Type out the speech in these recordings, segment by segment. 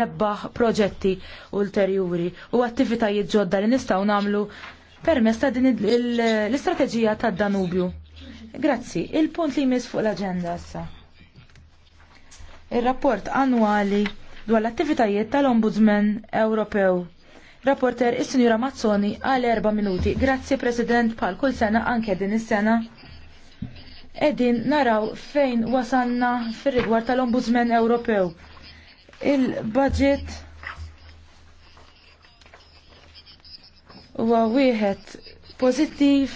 rebbaħ proġetti ulterjuri u attivitajiet ġodda li nistaw namlu permess ta' din l-istrateġija ta' Danubju. Grazzi, il-punt li jmiss fuq l-agenda issa. Il-rapport annwali dwar l-attivitajiet tal-Ombudsman Ewropew. Rapporter is-Sinjura Mazzoni għal erba minuti. Grazzi President pal kull sena anke din is-sena. Edin naraw fejn wasanna fir-rigward tal-Ombudsman Ewropew Il-budget huwa wieħed pożittiv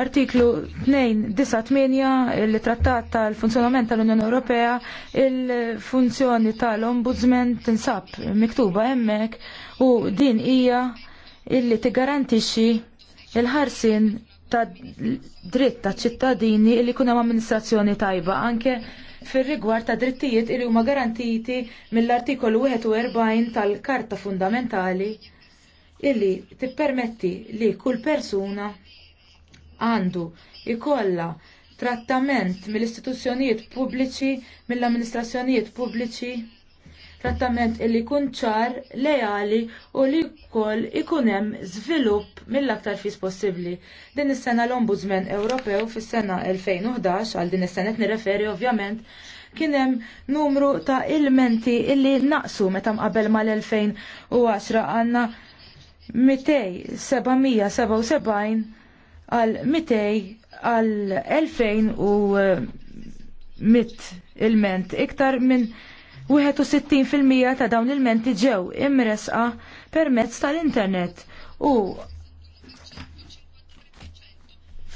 artiklu 298 il-trattat tal-funzjonament tal-Unjoni Ewropea il-funzjoni tal-Ombudsman tinsab miktuba hemmhekk u din hija illi tigarantixxi il-ħarsin ta' dritt ta' ċittadini li jkun hemm amministrazzjoni tajba anke fir-rigward ta' drittijiet li huma garantiti mill-artikolu 41 tal-Karta Fundamentali illi tippermetti li kull persuna għandu ikolla trattament mill-istituzzjonijiet pubbliċi, mill-amministrazzjonijiet pubbliċi trattament illi jkun ċar, lejali u li wkoll ikun hemm żvilupp mill-aktar fis possibbli. Din is-sena l-Ombudsman Ewropew fis-sena 2011 għal din is-sena qed nirreferi ovvjament kien hemm numru ta' ilmenti illi naqsu meta mqabel mal-2010 għandna 277 għal 200 għal 2000 u mit ilment iktar minn 61% ta' dawn il-menti ġew imresqa permezz tal-internet u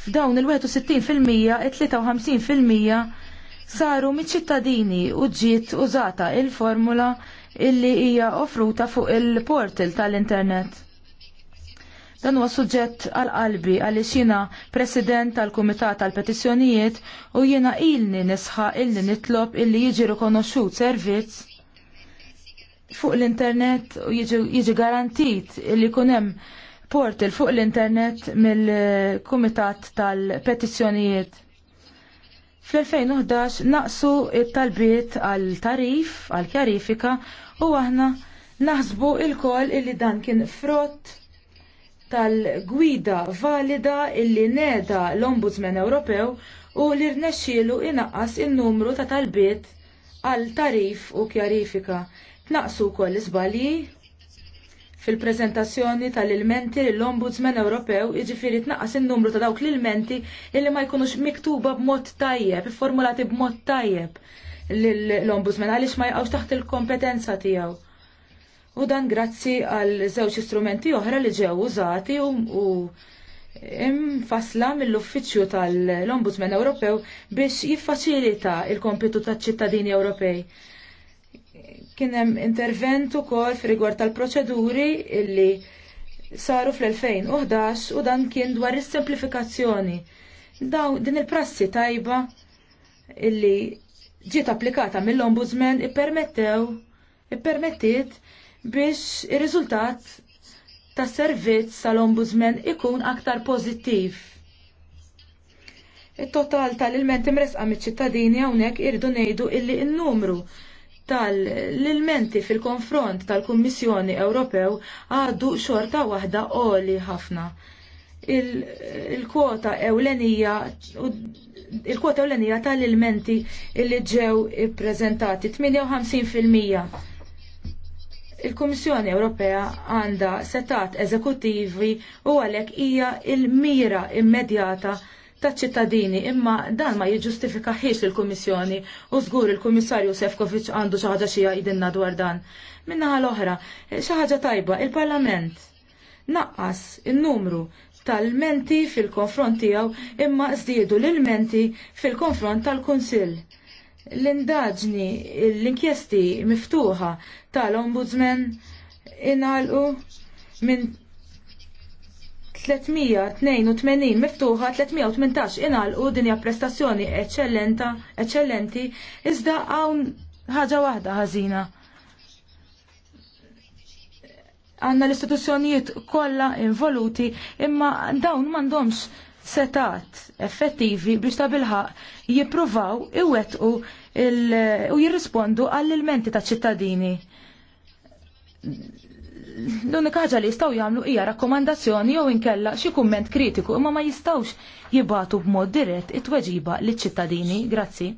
f'dawn il-61% it-53% saru miċ-ċittadini u ġiet użata il-formula illi hija offruta fuq il-portal tal-internet. Dan huwa suġġett għal qalbi għaliex jiena President tal-Kumitat tal-Petizzjonijiet u jiena ilni nisħa illi nitlob illi jiġi rikonoxxut servizz fuq l-internet u jiġi garantit illi jkun hemm portal fuq l-internet mill-Kumitat tal-Petizzjonijiet. Fl-2011 naqsu it-talbiet għal tarif, għal kjarifika u aħna naħsbu il-kol illi dan kien frott tal-gwida valida illi neda l-Ombudsman Ewropew u li rnexxielu inaqqas in-numru ta' talbiet għal tarif u kjarifika. Tnaqsu wkoll l-iżbalji fil-prezentazzjoni tal-ilmenti l-Ombudsman Ewropew jiġifieri tnaqqas in-numru ta' dawk l-ilmenti illi ma jkunux miktuba b'mod tajjeb, formulati b'mod tajjeb l-Ombudsman għaliex ma jqgħux taħt il-kompetenza tiegħu u dan grazzi għal żewġ istrumenti oħra li ġew użati u imfasla mill-Uffiċċju tal-Ombudsman Ewropew biex jiffaċilita il-kompitu taċ-ċittadini Ewropej. Kien hemm intervent ukoll f'rigward tal-proċeduri illi saru fl-2011 u dan kien dwar is-semplifikazzjoni. Dawn din il-prassi tajba illi ġiet applikata mill-Ombudsman ippermettew ippermettiet biex ir-riżultat ta' servizz tal-ombudsman ikun aktar pożittiv. Il-total tal-ilmenti mresqa mit-ċittadini hawnhekk irdu ngħidu illi il numru tal-ilmenti fil-konfront tal-Kummissjoni Ewropew għadu xorta waħda qoli ħafna. Il-kwota ewlenija il-kwota ewlenija tal-ilmenti illi ġew ippreżentati 58 Il-Kummissjoni Ewropea għandha setat eżekuttivi u għalhekk hija l-mira immedjata taċ ċittadini imma dan ma jiġġustifikaħiex il-Kummissjoni u żgur il-Kummissarju Sefkovic għandu xi ħaġa xi jgħidilna dwar dan. Minnaħa l-oħra, xi ħaġa tajba, il-Parlament naqqas in-numru tal-menti fil-konfront tiegħu imma żdiedu l-menti fil-konfront tal-Kunsill L-indaġni, l-inkjesti miftuħa tal-Ombudsman inalqu minn 382 miftuħa 318 inalqu dinja prestazzjoni eccellenta, eccellenti, iżda hawn ħaġa waħda ħażina. Għanna l-istituzzjonijiet kollha involuti imma dawn m'għandhomx setat effettivi biex ta' jippruvaw iwettqu u jirrispondu għall-ilmenti ta' ċittadini. L-unika ħaġa li jistgħu jagħmlu hija rakkomandazzjoni jew inkella xi kumment kritiku imma ma jistgħux jibatu b'mod dirett it-tweġiba liċ-ċittadini. Grazzi.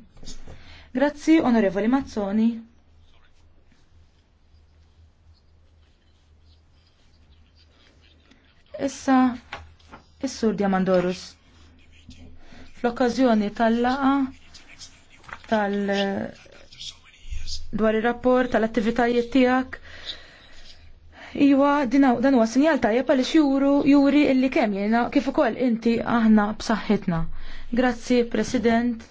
Grazzi, Onorevoli Mazzoni. Issa, is-sur Diamandorus. Fl-okkażjoni tal-laqa tal dwar ir-rapport tal-attivitajiet tiegħek. Iwa, dan huwa sinjal tajjeb għaliex juru juri illi kemm jiena kif ukoll inti aħna b'saħħitna. Grazzi, President.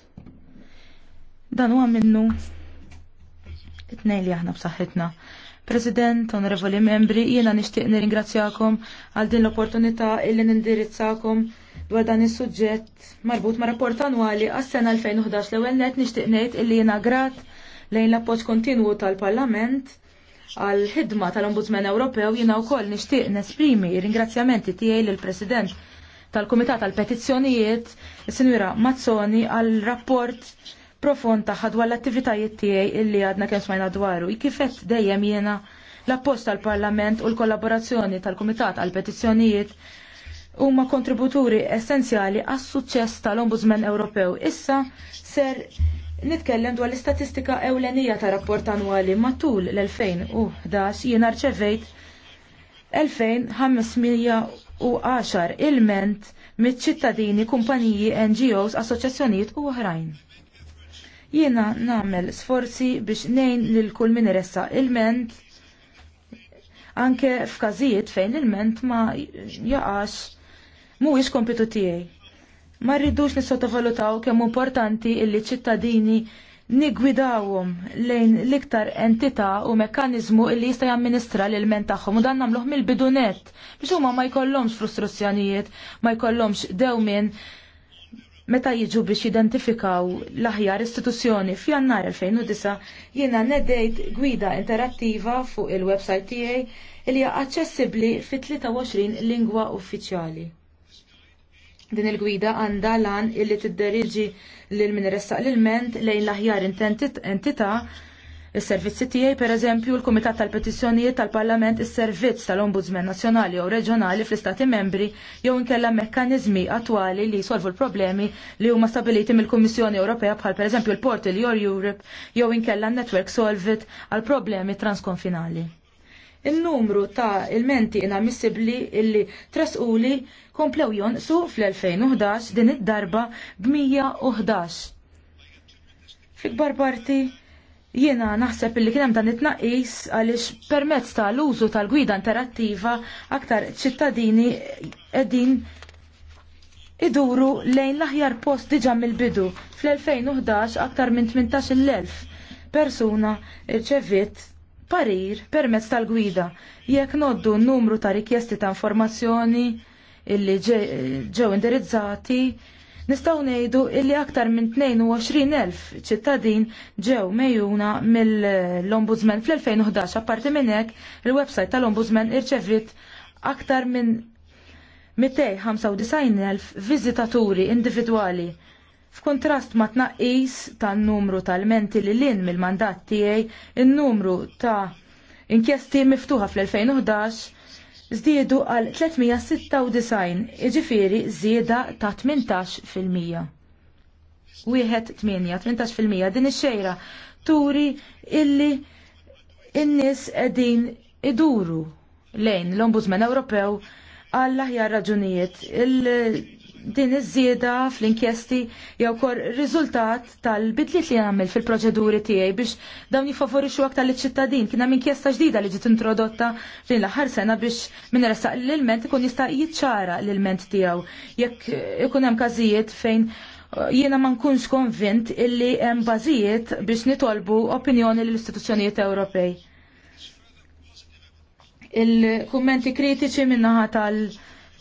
Dan huwa minnu it-tnejn li aħna b'saħħitna. President, onorevoli membri, jiena nixtieq nirringrazzjakom għal din l-opportunità illi nindirizzakom dwar dan is-suġġett marbut ma' rapport annwali għas-sena 2011 l-ewwel net nixtieq ngħid illi jiena grat lejn l-appoġġ kontinwu tal-Parlament għal ħidma tal-Ombudsman Ewropew jiena wkoll nixtieq nesprimi ringrazzjamenti tiegħi lill President tal-Kumitat tal-Petizzjonijiet is-Sinwira Mazzoni għal rapport profond taħħa dwar l-attivitajiet tiegħi illi għadna kemm smajna dwaru. Kifet dejjem jiena l-appost tal-Parlament u l-kollaborazzjoni tal-Kumitat tal petizzjonijiet huma kontributuri essenzjali għas suċċess tal-Ombudsman Ewropew. Issa ser nitkellem dwar l-istatistika ewlenija ta' rapport annwali matul l-2011 jiena rċevejt 2510 ilment mit-ċittadini, kumpaniji, NGOs, assoċjazzjonijiet u oħrajn. Jiena nagħmel sforzi biex nejn lil kull min iressa ilment anke f'każijiet fejn il ilment ma jaqax mhuwiex kompitu tiegħi. Ma rridux nissottovalutaw kemm importanti illi ċittadini nigwidawhom lejn l-iktar entità u mekkaniżmu illi jista' jamministra l-ilment tagħhom u dan nagħmluh mill-bidunet biex huma ma jkollhomx frustrazzjonijiet, ma jkollhomx dewmien meta jiġu biex jidentifikaw l-aħjar istituzzjoni f'jannar 2009 jiena nedejt gwida interattiva fuq il-website tiegħi li hija aċċessibbli fi 23 lingwa uffiċjali. Din il-gwida għandha lan illi t-deriġi min iressaq l-ment lejn l-aħjar entità Is-servizzi tiegħi pereżempju l-Kumitat tal-Petizzjonijiet tal-Parlament is-Servizz tal-Ombudsman Nazzjonali jew Reġjonali fl-Istati Membri jew inkella mekkaniżmi attwali li jsolvu l-problemi li huma stabiliti mill-Kummissjoni Ewropea bħal eżempju l-Portal Your Europe jew inkella network Solvit għal problemi transkonfinali in-numru ta' il-menti inammissibbli illi trasquli komplew jonqsu fl-2011 din id-darba b-111. Fikbar parti Jiena naħseb illi kien hemm dan it-tnaqqis għaliex permezz tal-użu tal-gwida interattiva aktar ċittadini qegħdin iduru lejn l-aħjar post diġà mill-bidu. Fl-2011 aktar minn 18,000 persuna rċevit parir permezz tal-gwida. Jekk noddu n-numru ta' rikjesti ta' informazzjoni illi ġew indirizzati, nistgħu ngħidu illi aktar minn 22,000 ċittadin ġew mejjuna mill-Ombudsman fl-2011, apparti minn hekk il-website tal-Ombudsman irċevrit aktar minn 295,000 viżitaturi individwali F'kontrast ma tnaqqis tan numru tal-menti li lin mill-mandat tiegħi, in-numru ta' inkjesti miftuħa fl-2011 żdiedu għal 396, iġifieri żieda ta' 18%. Wieħed 8, 18% din ix-xejra turi illi in-nies qegħdin iduru lejn l-Ombudsman Ewropew għall aħjar raġunijiet din iż-żieda fl-inkjesti jew kor riżultat tal-bidliet li għamil fil-proċeduri tiegħi biex dawn jifavorixxu aktar liċ-ċittadin. Kien hemm inkjesta ġdida li ġiet introdotta lil l-aħħar sena biex min resaq l-ilment ikun jista' jiċċara l-ilment tiegħu. Jekk ikun hemm każijiet fejn uh, jiena ma nkunx konvint illi hemm bażijiet biex nitolbu opinjoni l-istituzzjonijiet Ewropej. Il-kummenti kritiċi minnaħa tal-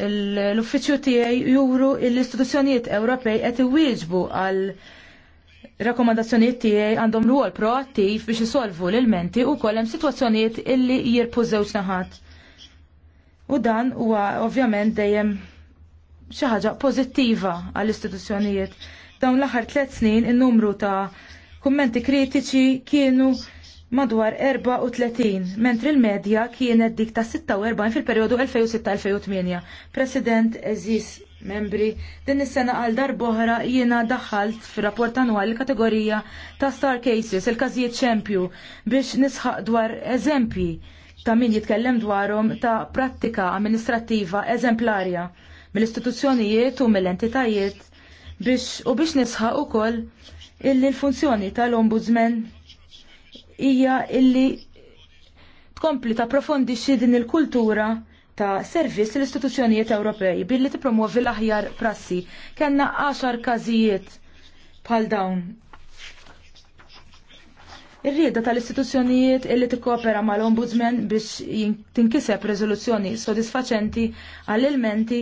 l-uffiċju tiegħi juru l-istituzzjonijiet Ewropej qed iwieġbu għal rakkomandazzjonijiet tiegħi għandhom rwol proattiv biex isolvu l-ilmenti u kollem situazzjonijiet illi jirpu żewġ naħat. U dan huwa ovvjament dejjem xi ħaġa pożittiva għall-istituzzjonijiet. Dawn l-aħħar tliet snin in-numru ta' kummenti kritiċi kienu madwar 34, mentri il-medja kienet dik ta' 46 fil-periodu 2006-2008. President Eżis membri, din is-sena għal darboħra jiena daħħalt fir-rapport annwali kategorija ta' Star Cases, il-każijiet ċempju, biex nisħaq dwar eżempji ta' min jitkellem dwarhom ta' prattika amministrattiva eżemplarja mill-istituzzjonijiet u mill-entitajiet biex u biex nisħaq ukoll illi l-funzjoni tal-ombudsman hija illi tkompli ta' profondixxi din il-kultura ta' servizz l-istituzzjonijiet Ewropej billi tipromuovi l-aħjar prassi. Kenna 10 każijiet bħal dawn. Ir-rieda tal-istituzzjonijiet illi tikkopera mal-Ombudsman biex tinkiseb riżoluzzjoni sodisfaċenti għall-ilmenti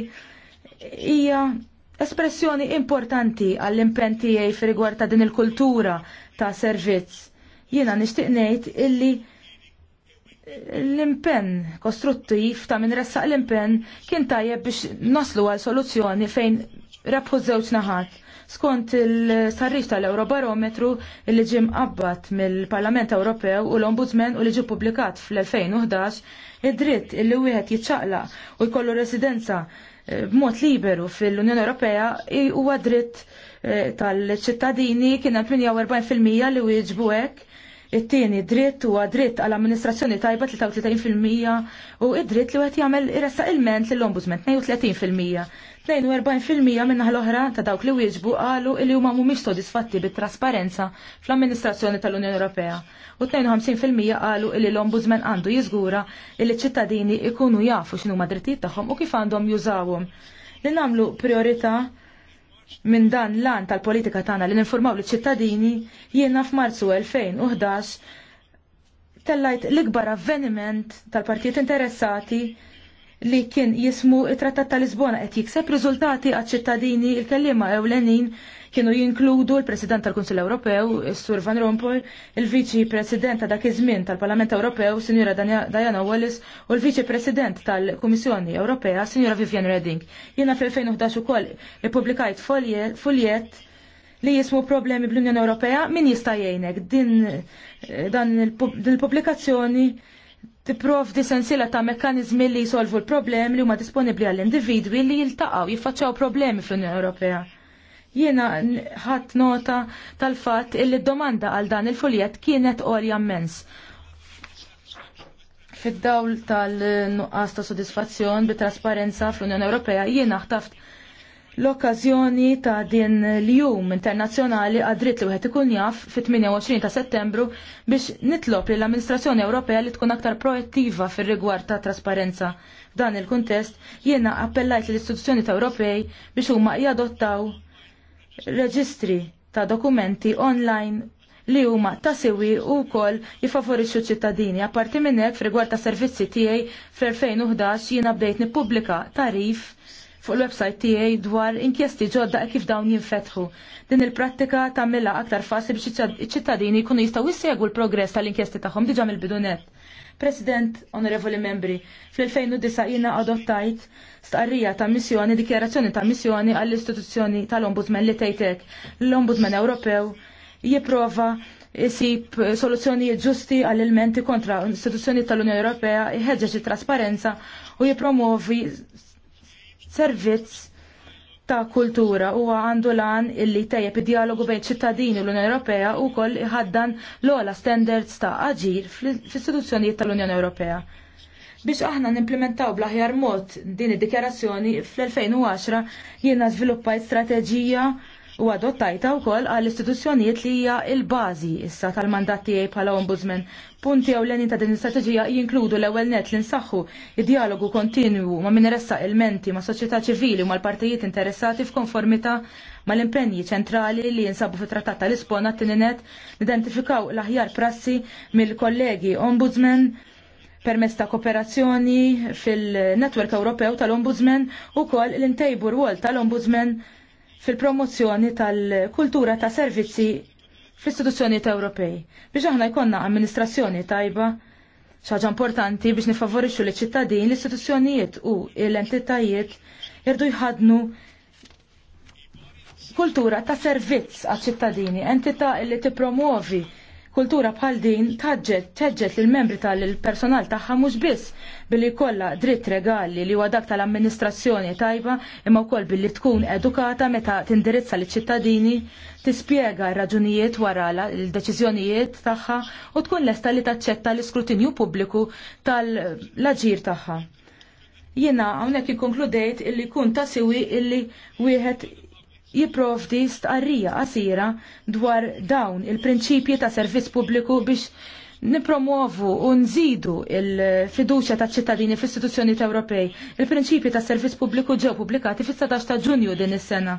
hija espressjoni importanti għall-impenti tiegħi fir ta' din il-kultura ta' servizz Jiena nixtieq ngħid illi l-impenn kostruttiv ta' min ressaq l-impenn kien tajjeb biex naslu għal soluzzjoni fejn rebħu żewġ naħat. Skont il-sarriċ tal-Eurobarometru li ġim qabbat mill-Parlament Ewropew u l-Ombudsman u li ġi publikat fl-2011, id-dritt illi wieħed jiċċaqlaq u jkollu residenza eh, b'mod liberu fil-Unjoni Ewropea huwa dritt eh, tal-ċittadini kien hemm 48% li wieġbu hekk It-tieni dritt huwa dritt għall amministrazzjoni tajba 33% u id-dritt li qed jagħmel iressa il-ment lill-Ombudsman 32%. 42% minnaħa l-oħra ta' dawk li wieġbu qalu li huma mhumiex sodisfatti bit-trasparenza fl-amministrazzjoni tal-Unjoni Ewropea. U 52% qalu li l-Ombudsman għandu jiżgura li ċ-ċittadini ikunu jafu x'inhu drittijiet tagħhom u kif għandhom jużawhom. Li nagħmlu priorità minn dan l-an tal-politika tagħna li ninformaw liċ ċittadini jiena f'Marzu 2011 tellajt l-ikbar avveniment tal-partijiet interessati li kien jismu it-Trattat tal-Lisbona qed jikseb riżultati għaċ ċittadini il-kellima ewlenin kienu jinkludu l-President tal-Kunsill Ewropew, Sur Van Rompuy, il-Viċi President ta' dak iż-żmien tal-Parlament Ewropew, Sinjora Diana Wallis, u l-Viċi President tal-Kummissjoni Ewropea, Sinjora Vivian Redding. Jiena fil-2011 ukoll ippubblikajt fuljet li jismu problemi bl-Unjoni Ewropea, min jista' jgħinek din dan il-pubblikazzjoni tipprov di sensila ta' mekkanizmi li jisolvu l-problemi li huma disponibbli għall-individwi li jiltaqgħu jiffaċċaw problemi fl-Unjoni Ewropea. Jiena ħadd nota tal-fatt illi domanda għal dan il-fuljet kienet għolja immens. Fid-dawl tal-nuqqas ta' sodisfazzjon bi trasparenza fl-Unjoni Ewropea jiena ħtaft l-okkażjoni ta' din l-jum internazzjonali għadrit li wieħed ikun jaf fit-28 ta' settembru biex nitlob li l-Amministrazzjoni Ewropea li tkun aktar proattiva fir-rigward ta' trasparenza f'dan il-kuntest jiena appellajt l-istituzzjoni ta' Ewropej biex huma jadottaw reġistri ta' dokumenti online li huma ta' sewi u kol jifavorixxu ċittadini. Apparti minn hekk frigward ta' servizzi tiegħi fl-2011 jiena bdejt nippubblika tarif fuq il-website tiegħi dwar inkjesti ġodda kif dawn jinfetħu. Din il-prattika tagħmilha aktar faċli biex iċ-ċittadini jkunu jistgħu jissegwu l-progress tal-inkjesti tagħhom diġà mill-bidunet. President, onorevoli membri, fl-2009 jina adottajt starrija ta' missjoni, dikjerazzjoni ta' missjoni għall-istituzzjoni tal-Ombudsman li tejtek. L-Ombudsman Ewropew jiprofa jisib soluzzjonijiet ġusti għall-ilmenti kontra istituzzjoni tal-Unjoni Ewropea, jħedġeġ trasparenza u jipromovi servizz ta' kultura huwa għandu lan illi tajjeb id-dialogu bejn ċittadini l-Unjoni Ewropea u koll iħaddan l-ola standards ta' aġir fl-istituzzjonijiet tal-Unjoni Ewropea. Biex aħna nimplementaw bl-aħjar mod din id-dikjarazzjoni fl-2010 jiena żviluppajt strateġija u adottajta wkoll għall istituzzjonijiet li hija l-bażi issa tal-mandat tiegħi bħala ombudsman. Punti ewlenin ta' din l-istrateġija jinkludu l-ewwel net li nsaħħu id-dialogu kontinwu ma' min ressa ilmenti ma' soċjetà ċivili u mal-partijiet interessati f'konformità mal-impenji ċentrali li jinsabu fit trattat tal ispona t-tininet identifikaw l-aħjar prassi mill-kollegi ombudsman permess ta' kooperazzjoni fil-Network Ewropew tal-Ombudsman u kol l-intejbu rwol tal-Ombudsman fil-promozzjoni tal-kultura ta' servizzi fl-istituzzjonijiet Ewropej. Biex aħna jkollna amministrazzjoni tajba, xaġa importanti biex nifavorixxu li ċittadin l-istituzzjonijiet u l-entitajiet jirdu jħadnu kultura ta' servizz għal ċittadini, entità li tippromuovi kultura bħal din taġġet teġġet lil membri tal-personal tagħha mhux biss billi kollha dritt regali li huwa dak tal-amministrazzjoni tajba imma wkoll billi tkun edukata meta tindirizza liċ ċittadini tispjega r-raġunijiet wara l-deċiżjonijiet tagħha u tkun lesta li taċċetta l-iskrutinju pubbliku tal-aġir tagħha. Jiena hawnhekk ikkonkludejt illi kun ta' siwi illi wieħed jipprovdi stqarrija qasira dwar dawn il-prinċipji ta' servizz pubbliku biex nipromovu u nżidu il-fiduċja ta' ċittadini fl-istituzzjoni ta Ewropej. Il-prinċipji ta' servizz pubbliku ġew pubblikati fis-17 ta' Ġunju din is-sena.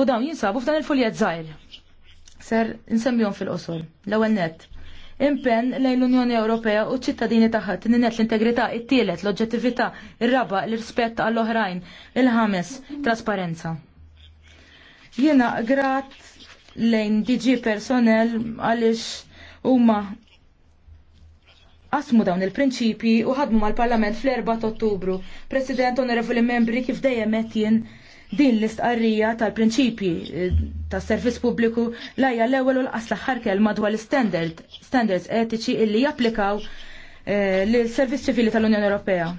U dawn jinsabu f'dan il-fuljet żgħir. Ser nsemmihom fil-qosol. L-ewwel nett. Impenn lejn l-Unjoni Ewropea u ċittadini tagħha tinnet l-integrità, it-tielet, l-oġġettività, ir-raba, l-rispett għall-oħrajn, il-ħames, trasparenza. Jiena grat lejn DG Personnel għaliex huma għasmu dawn il-prinċipji u ħadmu mal-Parlament fl-4 Ottubru. President onorevoli membri kif dejjem qed jien din l-istqarrija tal-prinċipji eh, tas-servizz pubbliku lajja l-ewwel u l-qas l-aħħar l-standard, standards etiċi illi japplikaw eh, l-Servizz Ċivili tal-Unjoni Ewropea.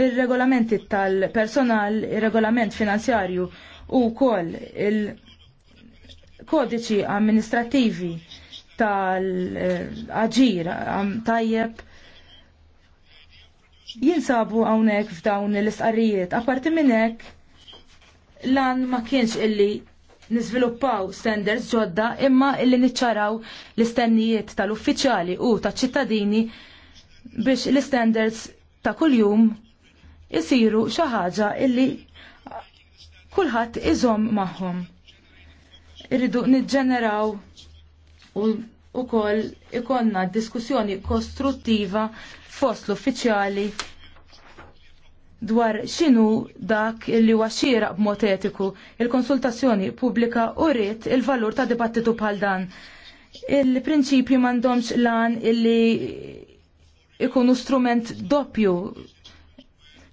Ir-regolamenti tal-personal, ir-regolament finanzjarju u kol il-kodiċi amministrativi tal-aġir tajjeb jinsabu għawnek f'dawn l-istqarrijiet. Aparti minnek, lan ma kienx illi nizviluppaw standards ġodda imma illi niċċaraw l-istennijiet tal-uffiċjali u ta' ċittadini biex l-standards ta' kuljum isiru xi ħaġa illi kulħadd iżom magħhom. Irridu niġġeneraw u ukoll ikonna diskussjoni kostruttiva fost l-uffiċjali dwar xinu dak li huwa xieraq b'mod etiku. Il-konsultazzjoni pubblika u rrit il-valur ta' dibattitu bħal dan. Il-prinċipji m'għandhomx lan illi ikunu strument doppju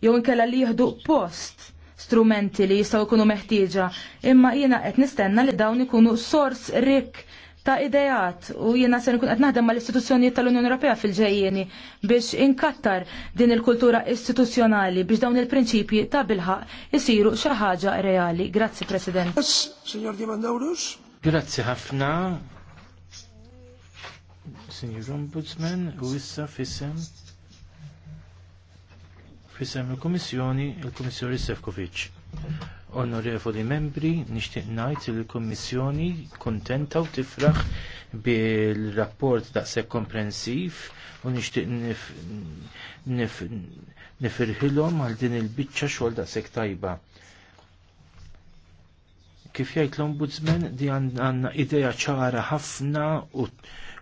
jew inkella li jieħdu post strumenti li jistgħu jkunu meħtieġa, imma jiena qed nistenna li dawn ikunu sors rik ta' idejat u jiena se nkun qed naħdem mal-istituzzjonijiet tal-Unjoni Ewropea fil-ġejjieni biex inkattar din il-kultura istituzzjonali biex dawn il-prinċipji ta' bilħaq isiru xi ħaġa reali. Grazzi President. Signor Dimandouros. Grazzi ħafna. Signor Ombudsman, u issa fissem Fisem il-Komissjoni, il-Komissjoni Sefkovic. Onorevoli membri, nishtiq najt il-Komissjoni kontenta u tifraħ bil-rapport se komprensiv u nishtiq nifirħilom għal din il-bicċa xogħol daqshekk tajba kif jgħid l-ombudsman di għandna ideja ċara ħafna u,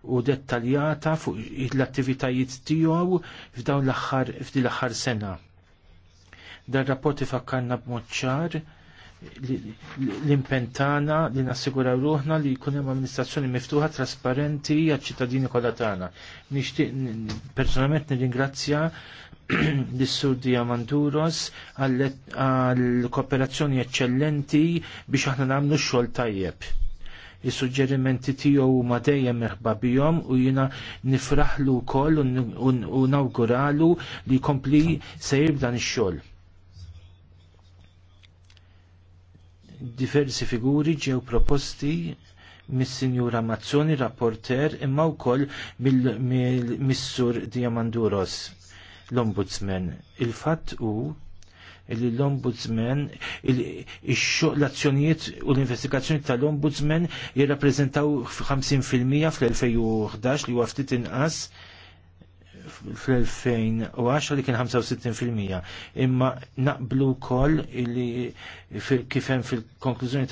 u dettaljata fuq l-attivitajiet tiegħu f'dawn l-aħħar f'din l-aħħar sena. Dan rapport ifakkarna b'mod ċar l-impentana li nassiguraw ruħna li jkun hemm amministrazzjoni miftuħa trasparenti għaċ-ċittadini kollha tagħna. Nixtieq personalment nirringrazzja l-Sur Diamanduros għall-kooperazzjoni eccellenti biex aħna nagħmlu x-xogħol tajjeb. Is-suġġerimenti tiegħu huma dejjem meħba bihom u jiena nifraħlu wkoll u nawguralu li jkompli se dan ix-xogħol Diversi figuri ġew proposti mis-Sinjura Mazzoni, rapporter, imma wkoll mis-Sur Diamanduros, l-Ombudsman. Il-fatt hu li l-Ombudsman, l-azzjonijiet u l-investigazzjoni tal-Ombudsman jirrappreżentaw 50% fl-2011 li huwa ftit inqas fl-2010 li kien 65% imma naqblu kol li kifem fil-konklużjoni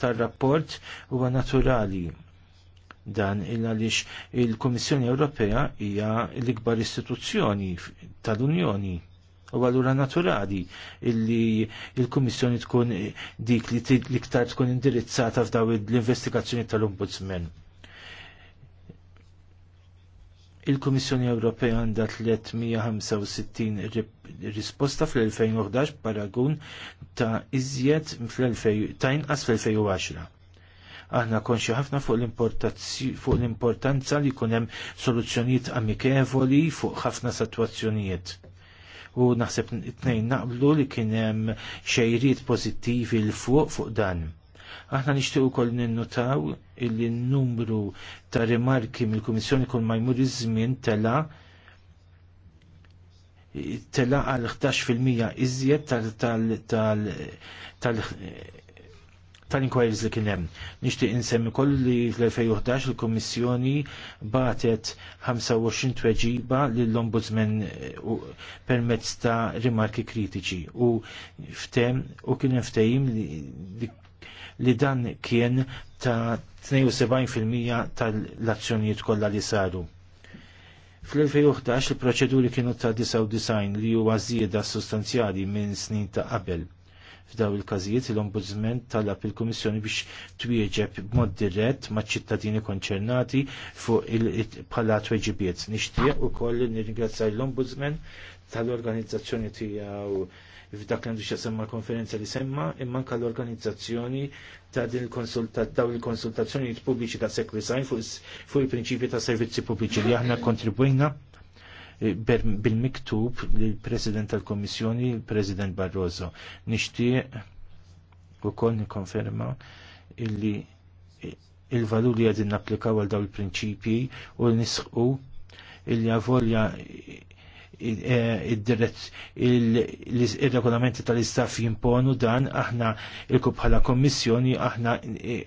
tal-rapport huwa naturali dan il għaliex il-Komissjoni Ewropea hija l-ikbar istituzzjoni tal-Unjoni u għallura naturali illi il-Komissjoni tkun dik li iktar tkun indirizzata f'daw l-investigazzjoni tal-Ombudsman. Il-Kummissjoni Ewropea għandha 365 risposta fl-2011 paragun ta' iżjed inqas fl-2010. Aħna konxi ħafna fuq l-importanza li jkun hemm soluzzjonijiet amikevoli fuq ħafna sitwazzjonijiet. U naħseb it-tnejn naqblu li kien hemm xejriet pożittivi l fuq fuq dan Aħna nixtieq ukoll ninnutaw illi n-numru ta' rimarki mill-Kummissjoni kull ma jmur iż-żmien tela tela għal 11% iżjed tal tal-inquiries li kienem. Nixtieq insemmi koll li fl-2011 il-Kommissjoni batet 25 tweġiba lill-Ombudsman permezz ta' rimarki kritiċi u ftem u kien ftehim li li dan kien ta' 72% tal-azzjonijiet kollha li saru. Fl-2011 il-proċeduri kienu ta' 99 li huwa żieda sostanzjali minn snin ta' qabel. F'daw il-każijiet l-Ombudsman talab il-Kummissjoni biex twieġeb b'mod dirett ma' ċittadini konċernati fuq il-palat tweġibiet. Nixtieq ukoll nirringrazzja l-Ombudsman tal-organizzazzjoni tiegħu f'dak għandu semma konferenza li semma, imma anka l-organizzazzjoni ta' din daw il-konsultazzjoni pubbliċi ta' sekli sajn fuq il-prinċipi ta' servizzi pubbliċi li aħna kontribujna eh, bil-miktub l-President tal-Komissjoni, il-President Barroso. Nishtiq u nikkonferma nikonferma illi eh, il-valur li għadin napplikaw għal daw il-prinċipi u nisħu illi għavolja eh, il-regolamenti tal-istaff jimponu dan aħna il-kub bħala kommissjoni aħna e, e,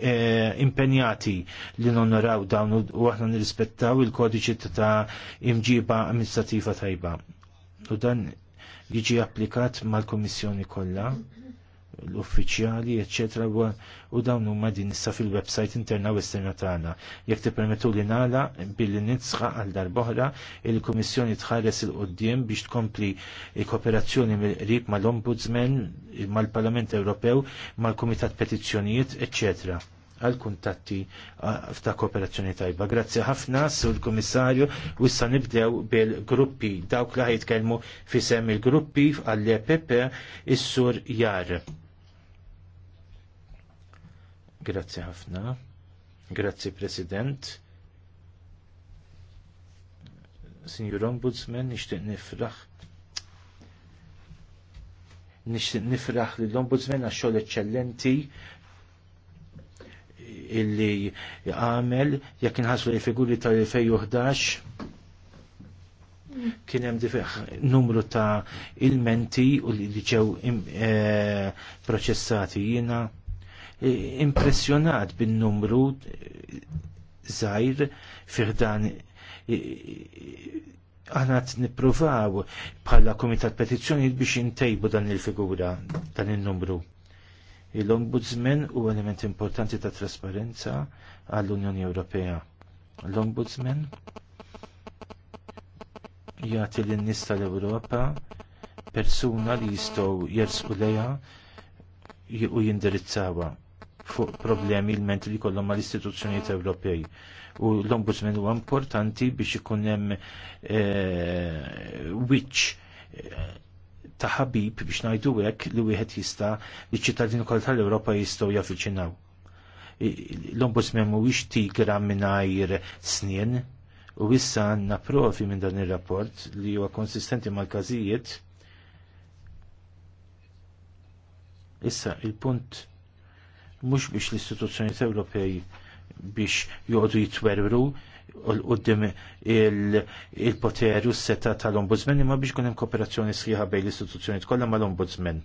impenjati li nonoraw dawn u aħna nirrispettaw il-kodiċi ta' imġiba amministrativa tajba. U dan jiġi applikat mal-kommissjoni kollha l-uffiċjali, eccetera, u dawn huma din issa fil-website interna u esterna tagħna. Jekk tippermettu li nagħla billi nitsħaq għal darb'oħra il-Kummissjoni tħares il qudiem biex tkompli kooperazzjoni mill-qrib mal-Ombudsman, mal-Parlament Ewropew, mal-Kumitat Petizzjonijiet, eccetera għal kuntatti ta' kooperazzjoni tajba. Grazzi ħafna sur komissarju u issa nibdew bil-gruppi dawk li ħajtkellmu sem il-gruppi għall-EPP is-sur Jar. Grazzi ħafna. Grazzi President. Signor Ombudsman, nixtieq nifraħ nixtieq nifraħ lill ombudsman għax xogħol eċċellenti illi għamel jekk inħaslu il figuri tal-2011 kien hemm numru ta' ilmenti u li ġew e, proċessati jiena e, impressjonat bin-numru żgħir fih dan e, aħna nippruvaw bħala Kumitat Petizzjoni biex intejbu dan il-figura, dan il-numru. Il-Ombudsman u element importanti ta' trasparenza għall-Unjoni Ewropea. L-Ombudsman jagħti lin-nies tal-Ewropa persuna li jistgħu jersku lejha u jindirizzawa fuq problemi il-ment li kollhom mal istituzzjonijiet Ewropej. U l-Ombudsman huwa importanti biex ikun hemm eh, wiċċ ta' ħabib biex ngħidu hekk li wieħed jista' li ċittadini kollha tal-Ewropa jistgħu jaffiċinaw. L-ombudsman mhuwiex tigra mingħajr snien u issa għandna profi minn dan ir-rapport li huwa konsistenti mal-każijiet Issa, il-punt mhux biex l istituzzjonijiet Ewropej biex joqogħdu jitwerru u qoddim il-poter u s-seta tal-ombudsman imma biex kunem kooperazzjoni sħiħa bej l-istituzzjoni kollha mal-ombudsman.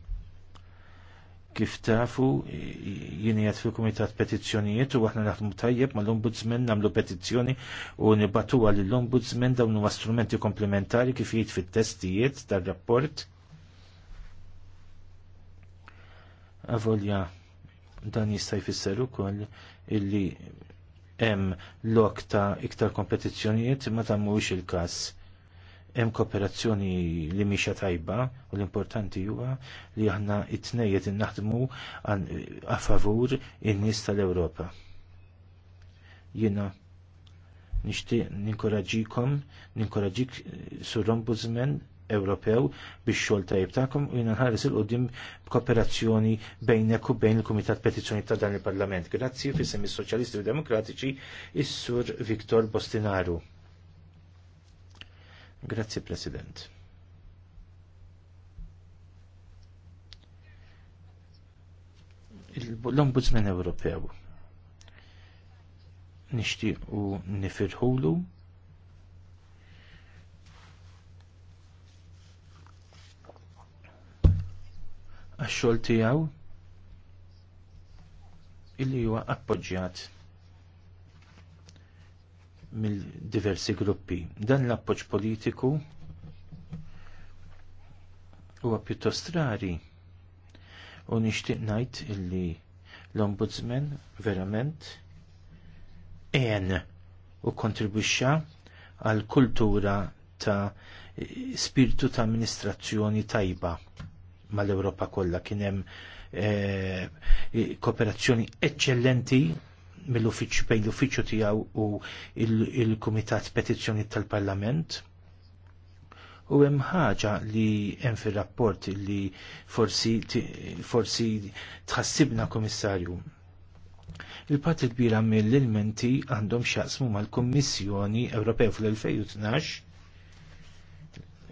Kif tafu jien għat fil-Kumitat Petizzjonijiet u aħna naħdmu tajjeb mal-Ombudsman nagħmlu petizzjoni u għal lill-Ombudsman dawn huma strumenti komplementari kif jgħid fit-testijiet tar-rapport. Avolja dan jista' jfisser ukoll illi hemm lok ta' iktar kompetizzjonijiet ma ta' mhuwiex il-każ. Hemm kooperazzjoni li mhixha tajba u l-importanti huwa li aħna it-tnejjed innaħdmu a favur in-nies tal-Ewropa. Jiena nixtieq ninkoraġikom, ninkoraġik sur-Ombudsman Ewropew biex xogħol tajb tagħkom u jina nħares il qoddim b'kooperazzjoni bejnek u bejn il-Kumitat Petizzjoni ta' dan il-Parlament. Grazzi fissem is Soċjalisti u Demokratiċi is-Sur Viktor Bostinaru. Grazzi President. l-Ombudsman Ewropew Nishti u nifirħulu għax tijaw tiegħu illi huwa appoġġjat mill-diversi gruppi. Dan l-appoġġ politiku huwa pjuttost rari u nixtieq ngħid illi l-Ombudsman verament għen u kontribwixxa għal kultura ta' spiritu ta' amministrazzjoni tajba mal-Europa kollha kien hemm eh, kooperazzjoni eccellenti mill-uffiċċju bejn l-uffiċċju tiegħu u il-Kumitat Petizzjoni tal-Parlament. U hemm ħaġa li hemm fir-rapport li forsi forsi tħassibna komissarju. Il-parti kbira mill-ilmenti għandhom xaqsmu mal-Kummissjoni Ewropew fl-2012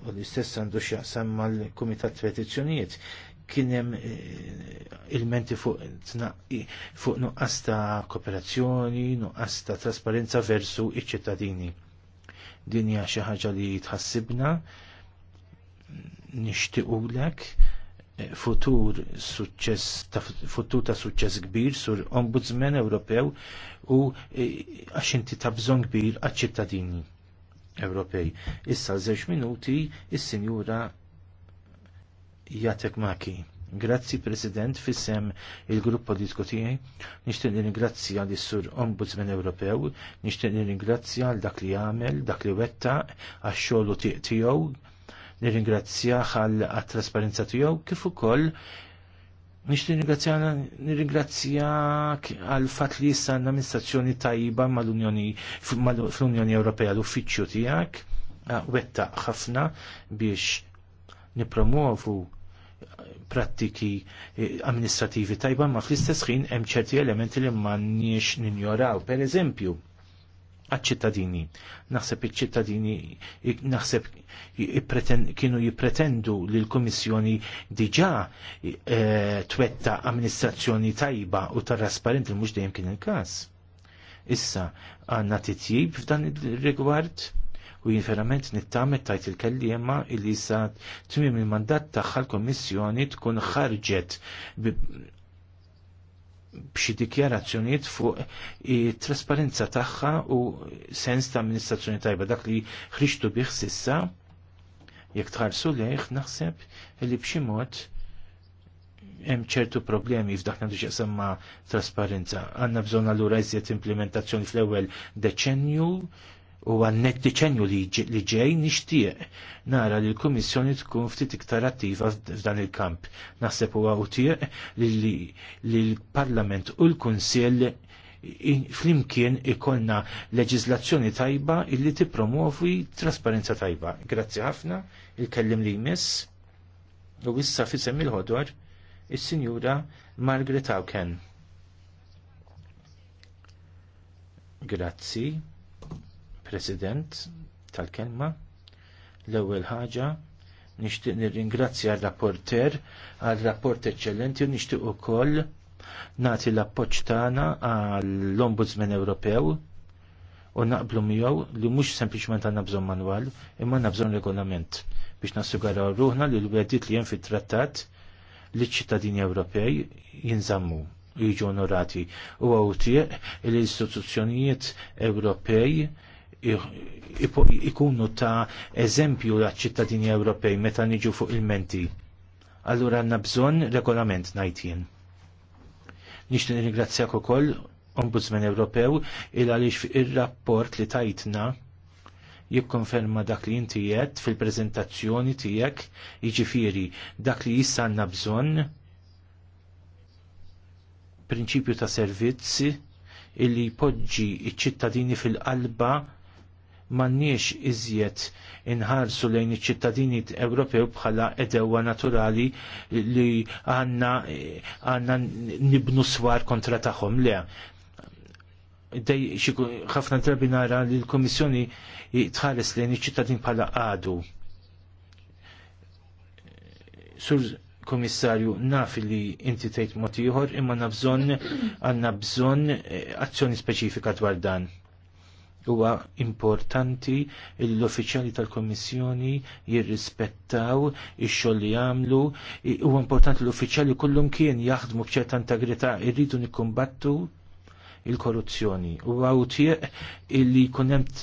u l-istess għandu xaqsam mal-Kumitat Petizzjonijiet kien hemm eh, ilmenti fuq fuq nuqqas ta' kooperazzjoni, nuqqas ta' trasparenza versu iċ-ċittadini. Din hija xi ħaġa li tħassibna nixtiequlek eh, futur suċċess ta' futur ta' suċċess kbir sur Ombudsman Ewropew u eh, għax inti ta' bżonn kbir għaċ-ċittadini. Ewropej. Issa żewġ minuti is-Sinjura Jatek Maki. Grazzi President fissem il-grupp Diskutijaj, tiegħi. Nixtieq ringrazzja l sur Ombudsman Ewropew, nixtieq ringrazzja għal dak li għamel, dak li wettaq għax-xogħol tiegħu, nirringrazzjah għal trasparenza tiegħu kif ukoll Nix nirringrazzjak għal fat li jissa għanna stazzjoni tajba mal-Unjoni fl-Unjoni Ewropea l-uffiċċju tijak ah, wetta ħafna biex nipromovu prattiki eh, amministrativi tajba ma fl-istess ħin hemm ċerti elementi li m'għandniex ninjoraw. Per eżempju, għal-ċittadini. Naħseb iċ-ċittadini naħseb kienu jipretendu li l-Komissjoni diġa e, twetta amministrazzjoni tajba u tar-rasparenti mhux dejjem kien il-każ. Issa għandna titjib f'dan il-rigward u jien verament nittamet tajt il-kellima illi sa tmiem il-mandat tagħha l-Komissjoni tkun ħarġet b'xi dikjarazzjonijiet fuq trasparenza tagħha u sens ta' amministrazzjoni tajba dak li ħriġtu bih sissa jekk tħarsu lejh naħseb li b'xi mod hemm ċertu problemi f'dak għandu semma trasparenza. Għandna bżonn allura iżjed implementazzjoni fl-ewwel deċenju u għannek diċenju li ġej nixtieq nara li l-Kummissjoni tkun ftit iktar attiva f'dan il-kamp. Naħseb u għawtiq li l-Parlament u l-Kunsill flimkien ikollna leġizlazzjoni tajba illi tippromuovi trasparenza tajba. Grazzi ħafna, il-kellim li jmiss u issa fisem il-ħodor il sinjura Margaret Auken. Grazzi. President, tal-kelma. L-ewwel ħaġa nixtieq nirringrazzja r-rapporter għal rapport eċċellenti u nixtieq ukoll nagħti l-appoġġ tagħna għall-Ombudsman Ewropew u naqblu miegħu li mhux sempliċement għandna bżonn manwal, imma għandna bżonn regolament biex nassugaraw ruħna li l-wedit li hemm fit-trattat li ċ ċittadini Ewropej jinżammu jiġu onorati u għawtieq l-istituzzjonijiet Ewropej ikunu ta' eżempju għal ċittadini Ewropej meta niġu fuq il-menti. Allura għanna bżon regolament najtjen. Nixtin ringrazzjak ukoll Ombudsman Ewropew il għaliex ir-rapport li tajtna jikkonferma dak li inti qed fil-preżentazzjoni tiegħek, jiġifieri dak li jissa għandna bżonn prinċipju ta' servizzi illi jpoġġi iċ-ċittadini fil-qalba manniex iżjed inħarsu lejn iċ-ċittadini Ewropew bħala edewa naturali li għandna għandna nibnu swar kontra tagħhom le. Dej ħafna drabi nara li l-Kummissjoni tħares lejn iċ-ċittadin bħala għadu. Sur komissarju naf li inti tgħid mod ieħor imma nabżonn għandna bżonn eh, azzjoni speċifika dwar dan huwa importanti l-uffiċjali tal-Kommissjoni jirrispettaw ix-xogħol li jagħmlu, huwa importanti l-uffiċjali kullum kien jaħdmu b'ċerta integrità irridu nikkumbattu il-korruzzjoni. Huwa utieq illi jkun hemm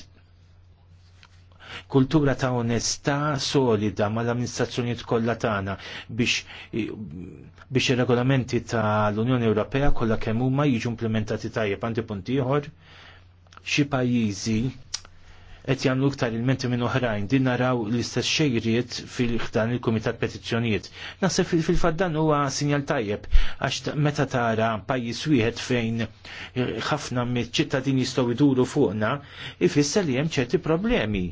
kultura ta' onestà solida mal-amministrazzjonijiet kollha tagħna biex biex ir-regolamenti tal-Unjoni Ewropea kollha kemm huma jiġu implementati tajjeb għandi punt ieħor xi pajjiżi qed jagħmlu iktar ilmenti minn oħrajn din naraw l-istess xejriet fil-ħdan il-Kumitat Petizzjonijiet. Naħseb fil-fatt dan huwa sinjal tajjeb għax meta tara pajjiż wieħed fejn ħafna mit ċittadini jistgħu jduru fuqna, ifisser li hemm ċerti problemi.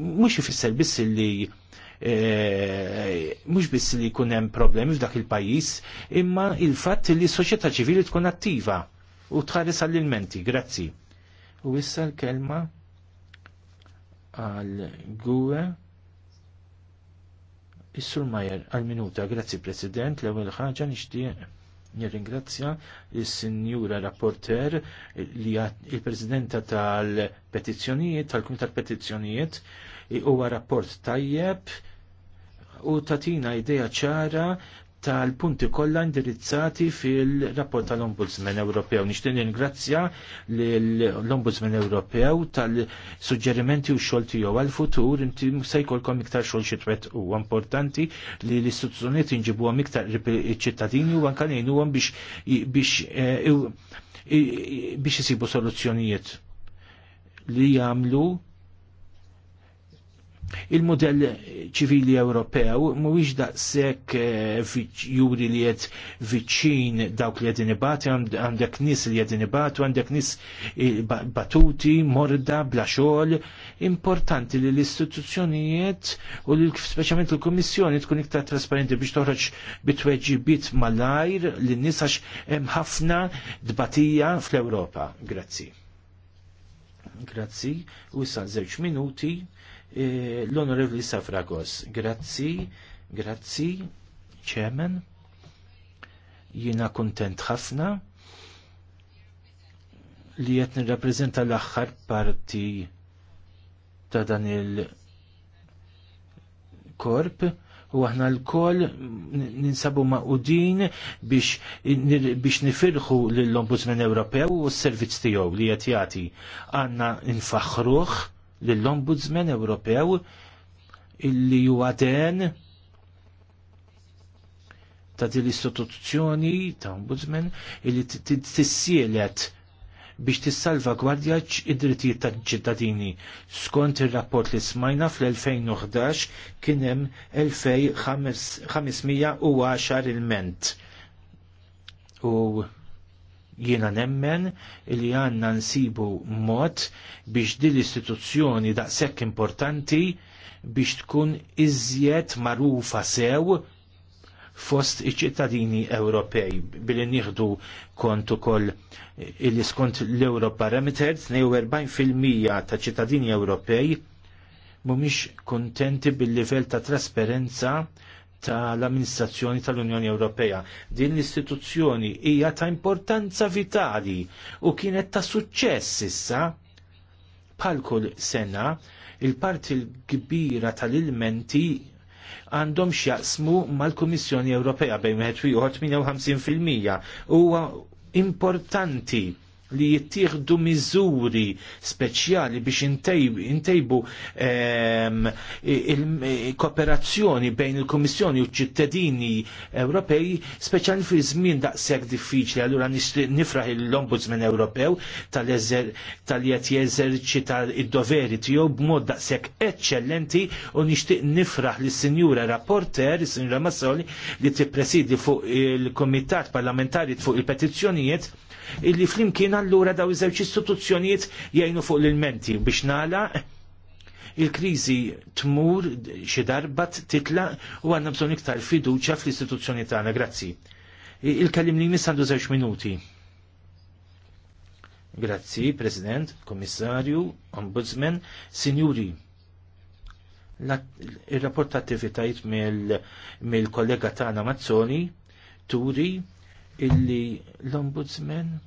Mhux ifisser biss li e, mhux biss li jkun hemm problemi f'dak il-pajjiż, imma il-fatt li s-soċjetà ċivili tkun attiva u tħares għall-ilmenti. Grazzi. U issa l-kelma għal Gwe Issur Majer għal minuta. Grazzi President, l-ewwel ħaġa nixtieq nirringrazzja il-Sinjura Rapporter li il-Presidenta tal-Petizzjonijiet, tal-Kumitat Petizzjonijiet, huwa rapport tajjeb u tatina idea ċara tal-punti kollha indirizzati fil-rapport tal-Ombudsman Ewropew. Nixtieq ningrazzja l-Ombudsman Ewropew tal-suġġerimenti u xogħol tiegħu għall-futur inti se jkollkom iktar xogħol xi tret huwa importanti li l-istituzzjonijiet inġibuhom iktar iċ-ċittadini u anke ngħinuhom biex biex e, biex isibu soluzzjonijiet li jagħmlu il-modell ċivili Ewropew mhuwiex daqshekk eh, juri li qed viċin dawk li qegħdin ibati għandek nies li qegħdin ibatu għandek nies eh, batuti, morda, bla xogħol. Importanti li l-istituzzjonijiet u li speċjalment il-Kummissjoni tkun iktar trasparenti biex toħroġ bitweġibit malajr li nies għax hemm ħafna dbatija fl-Ewropa. Grazzi. Grazzi, u issa żewġ minuti E, l-Onorevli Safragos. Grazzi, grazzi, ċemen, jina kontent ħafna li jett nirrapprezenta l-axħar parti ta' dan il-korp u aħna l-koll ninsabu maqudin biex, biex nifirħu l-Ombudsman Ewropew u s-servizz tiegħu li qed jagħti għandna nfaħħruh lill-Ombudsman Ewropew illi huwa den ta' din l-istituzzjoni ta' Ombudsman illi tissielet biex t-salva gwardjaċ id-drittijiet ta' ċittadini Skont ir-rapport li smajna fl-2011 kien hemm 2510 il-ment. U Jiena nemmen li għanna nsibu mod biex din l-istituzzjoni daqshekk importanti biex tkun iżjed magħrufa sew fost iċ-ċittadini Ewropej billi nieħdu kont ukoll il skont l Remitted 42% ta' ċittadini Ewropej mhumiex kuntenti bil-livell ta' trasparenza tal-amministrazzjoni tal-Unjoni Ewropea. Din l-istituzzjoni hija ta' importanza vitali u kienet ta' suċċess issa bħal kull sena il-parti l-kbira tal-ilmenti għandhom xjaqsmu mal-Kummissjoni Ewropea bejn wieħed u 58% huwa importanti li jittieħdu miżuri speċjali biex intejbu ehm, il-kooperazzjoni bejn il-Komissjoni u ċittadini Ewropej, speċjali fi żmien daqshekk diffiċli, allura nifraħ l-Ombudsman Ewropew tal-qed jeżerċita id-doveri tiegħu b'mod daqshekk eċċellenti u nixtieq nifraħ lis sinjura Rapporter, is-Sinjura Massoli, li tippresidi fuq il-Kumitat Parlamentari fuq il-Petizzjonijiet illi flimkien allura daw iż-żewġ istituzzjonijiet jgħinu fuq l-ilmenti biex nala il-krizi tmur xi darba titla u għandna bżonn iktar fiduċja fl-istituzzjoni tagħna. Grazzi. Il-kellim li għandu żewġ minuti. Grazzi, President, Komissarju, Ombudsman, Sinjuri. Il-rapport ta' attivitajt mill-kollega tagħna Mazzoni turi illi l-Ombudsman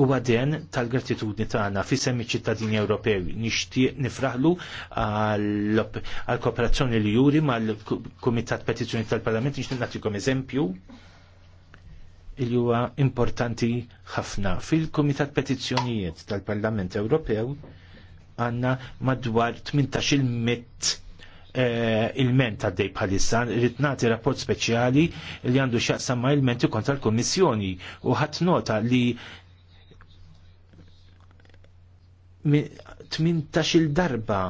u għaden tal-gratitudni tagħna fi semmi ċittadini Ewropew nixtieq nifraħlu għall-kooperazzjoni li juri mal-Kumitat Petizzjoni tal-Parlament nixtieq nagħtikom eżempju li huwa importanti ħafna. Fil-Kumitat Petizzjonijiet tal-Parlament Ewropew għandna madwar 18 mit eh, il-ment għaddej bħalissa, ritnati rapport speċjali li għandu xaqsa ma il-menti kontra l-Komissjoni u ħat nota li 18 darba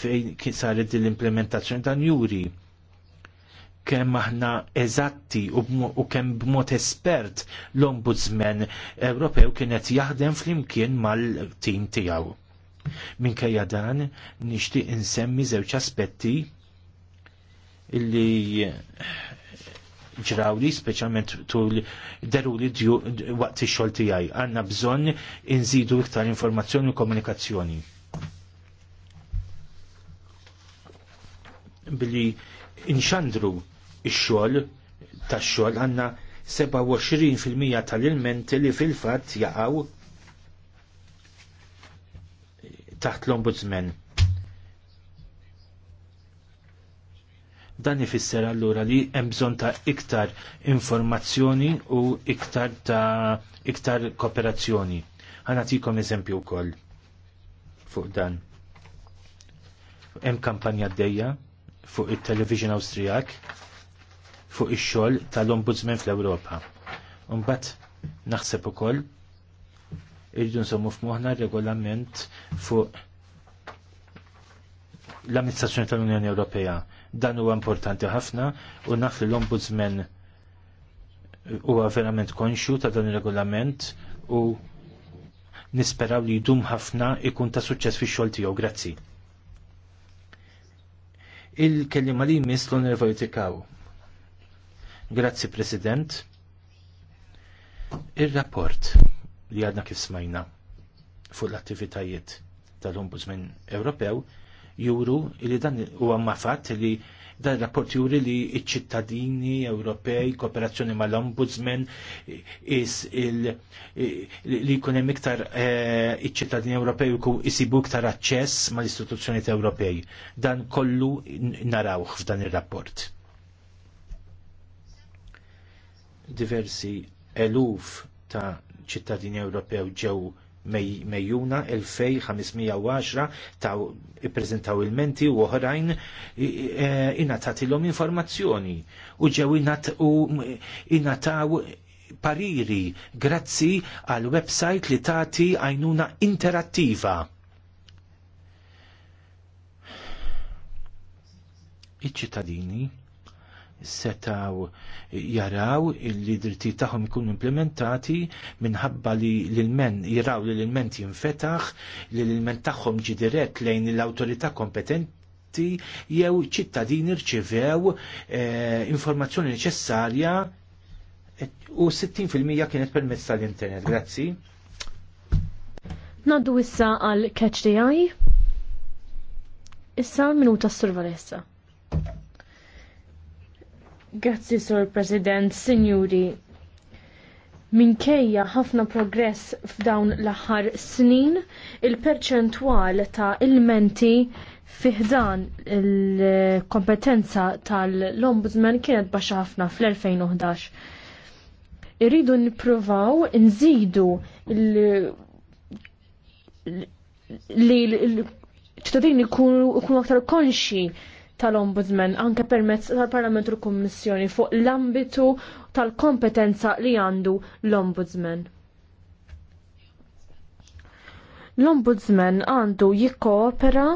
fejn kien saret l-implementazzjoni ta' juri kemm aħna eżatti u kemm b'mod espert l-Ombudsman Ewropew kienet jaħdem flimkien mal-tim tiegħu. Minkejja dan nixtieq insemmi żewġ aspetti illi ġrawli, speċjalment tul deruli waqt ix-xogħol tiegħi. Għandna bżonn inżidu iktar informazzjoni u komunikazzjoni. Billi inxandru ix-xogħol tax-xogħol għandna 27% tal-ilmenti li fil-fatt jaqgħu taħt l-ombudsman Dan ifisser allura li hemm bżonn ta' iktar informazzjoni u iktar ta' iktar kooperazzjoni. Ħanatikom eżempju wkoll fuq dan. Hemm kampanja d-dejja fuq it-television Awstrijak fuq ix-xogħol tal-Ombudsman fl-Ewropa. Mbagħad naħseb ukoll irridu nsommu f'moħħna regolament fuq l-amministrazzjoni tal-Unjoni Ewropea Dan huwa importanti ħafna u naf li l-Ombudsman huwa verament konxju ta' dan ir-regolament u nisperaw li jdum ħafna ikun ta' suċċess fix-xogħol tiegħu. Grazzi. Il-kellima li jmiss l Grazzi, President. Il-rapport li għadna kif smajna fuq l-attivitajiet tal-Ombudsman Ewropew juru li dan huwa ma' fatt li dan rapport juri li iċ-ċittadini Ewropej, kooperazzjoni mal-Ombudsman, li jkun hemm iktar eh, iċ-ċittadini Ewropej isibu iktar aċċess mal-istituzzjonijiet Ewropej. Dan kollu narawh f'dan ir-rapport. Diversi eluf ta' ċittadini Ewropew ġew Mejjuna 2510 ta' ippreżentaw il-menti u oħrajn e, l-om informazzjoni u ġew inataw pariri grazzi għal website li tagħti għajnuna interattiva. Iċ-ċittadini setaw jaraw li dritti tagħhom ikunu implementati minħabba li l-ilment jiraw li l-ilment jinfetaħ, li l-ilment tagħhom ġi dirett lejn l-awtorità kompetenti jew ċittadini rċivew eh, informazzjoni neċessarja u 60% kienet permezz tal-internet. Grazzi. Naddu issa għal catch the eye. Issa minuta s-survalessa. Grazzi, Sur President, Signori. Minkejja ħafna progress f'dawn l-aħħar snin, il-perċentwal ta' ilmenti fiħdan il-kompetenza tal-Ombudsman kienet baxa ħafna fl-2011. Irridu nipruvaw nżidu li l-ċittadini kunu aktar konxi tal-Ombudsman anke permezz tal-Parlament u l-Kummissjoni fuq l-ambitu tal-kompetenza li għandu l-Ombudsman. L-Ombudsman għandu jikkoopera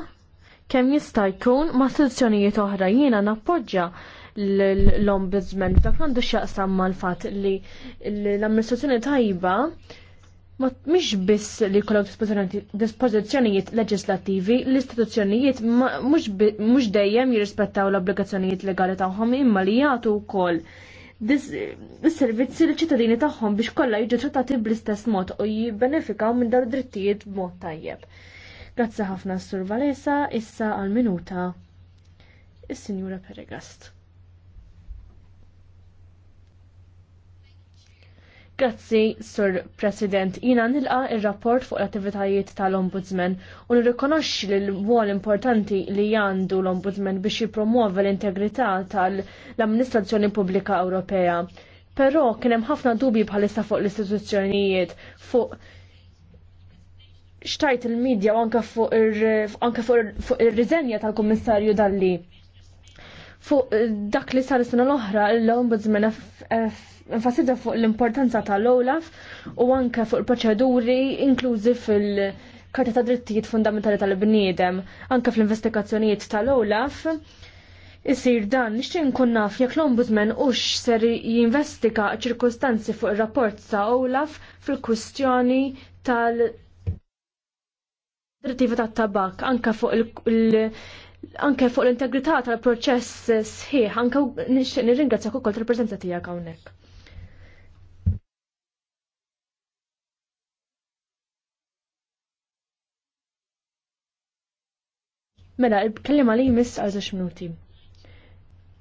kemm jista' jkun ma' istituzzjonijiet oħra jiena nappoġġa l-ombudsman dak għandu x'jaqsam mal-fatt li l-amministrazzjoni tajba ma mhix biss li jkollhom dispożizzjonijiet leġislattivi, l-istituzzjonijiet mhux dejjem jirrispettaw l-obbligazzjonijiet legali tagħhom imma li jagħtu wkoll is-servizzi l-ċittadini tagħhom biex kollha jiġu trattati bl-istess mod u jibbenefikaw minn dawn drittijiet b'mod tajjeb. Grazzi ħafna Sur Valesa, issa għal minuta is-Sinjura Peregast. Grazzi, Sur President. Jina nilqa il-rapport fuq l-attivitajiet tal-Ombudsman u nirrikonoxxi l-wol importanti li għandu l-Ombudsman biex jipromuova l-integrità tal-Amministrazzjoni Pubblika Ewropea. Però kien hemm ħafna dubi bħalissa fuq l-istituzzjonijiet fuq xtajt il-medja u anke fuq ir-riżenja tal-Kummissarju Dalli. Fuq dak li sar is-sena l-oħra l-Ombudsman enfasizza fuq l-importanza tal-Olaf u anke fuq il-proċeduri inklużi fil-Karta ta' Drittijiet Fundamentali tal-Bniedem, anke fl-investigazzjonijiet tal-Olaf. Isir dan, nixtieq nkun naf jekk l-Ombudsman ux ser jinvestiga ċirkustanzi fuq ir-rapport ta' Olaf fil-kwistjoni tal- drittiva tat-tabak, anke fuq il- anke fuq l-integrità tal-proċess sħiħ, anke nirringrazzja kukol tal-preżenza tiegħek hawnhekk. Mela, kellim li jmiss għal żewġ minuti.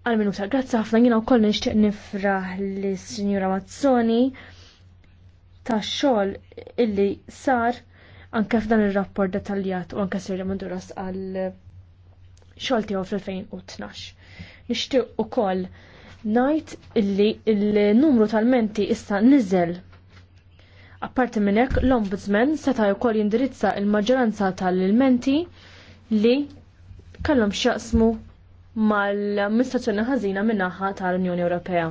Għal minuta, grazzi ħafna jiena wkoll nixtieq nifraħ lis Sinjura Mazzoni tax xogħol illi sar anke f'dan ir-rapport dettaljat u anke serja Maduras għal xogħol tiegħu fl-2012. Nixtieq ukoll ngħid illi l-numru tal-menti issa niżel Apparti minn hekk, l-Ombudsman seta' wkoll jindirizza l maġġoranza tal-ilmenti li kellhom x'jaqsmu mal-amministrazzjoni ħażina min-naħa tal-Unjoni Ewropea.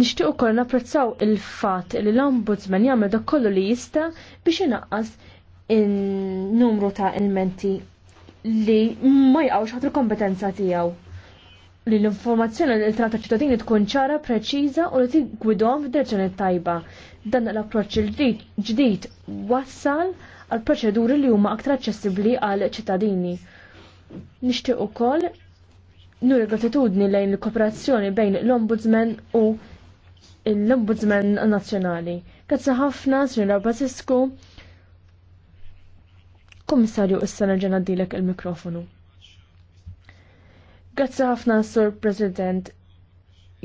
Nixtieq ukoll napprezzaw il-fatt li l-Ombudsman jagħmel dak kollu li jista' biex inaqqas in-numru ta' elementi li ma jqgħux ħadd il-kompetenza tiegħu li l-informazzjoni li trata ċittadini tkun ċara, preċiża u li tigwidhom f'direzzjoni tajba. Dan l-approċċ ġdid wassal għal proċeduri li huma aktar aċċessibbli għal ċittadini. Nixtieq ukoll nuri gratitudni lejn il-kooperazzjoni bejn l-Ombudsman u l-Ombudsman Nazzjonali. Grazzi ħafna, Sinjora Basisku. Komissarju, issa nerġa' dilek il-mikrofonu. Grazzi ħafna, Sur President.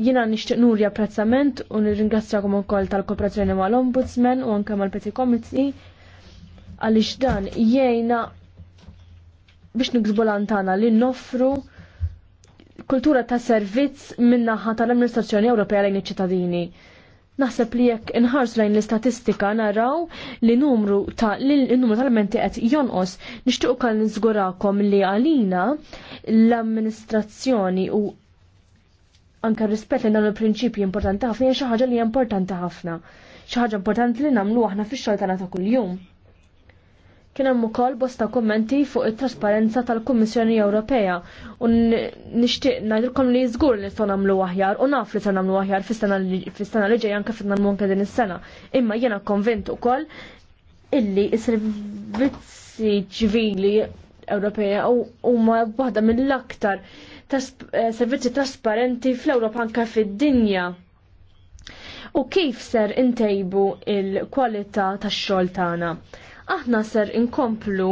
Jina nixtieq nuri apprezzament u nirringrazzjakom ukoll tal-kooperazzjoni mal-Ombudsman u anke mal-Peti Committee għaliex dan jiejna biex nikzbu lantana li noffru kultura ta' servizz minnaħa tal-Amministrazzjoni Ewropea lejn iċ-ċittadini. Naħseb li jekk inħars lejn l-istatistika naraw li numru ta' l-numru tal-menti qed jonqos nixtieq ukoll niżgurakom li għalina l-amministrazzjoni u anke rispett li dawn il-prinċipji importanti ħafna hija xi ħaġa li hija importanti ħafna. Xi ħaġa importanti li nagħmlu aħna fix-xogħol tagħna ta' kuljum. Kien hemm ukoll bosta kummenti fuq it-trasparenza tal-Kummissjoni Ewropea u nixtieq ngħidilkom li żgur li se nagħmlu aħjar u naf li se nagħmlu aħjar fis-sena li ġejja anke fit nagħmlu anke din is-sena. Imma jiena konvint ukoll illi s-servizzi ċivili Ewropea huma waħda mill-aktar eh, servizzi trasparenti fl-Ewropa anke fid-dinja. U kif ser intejbu il-kwalità tax-xogħol tagħna? aħna ser inkomplu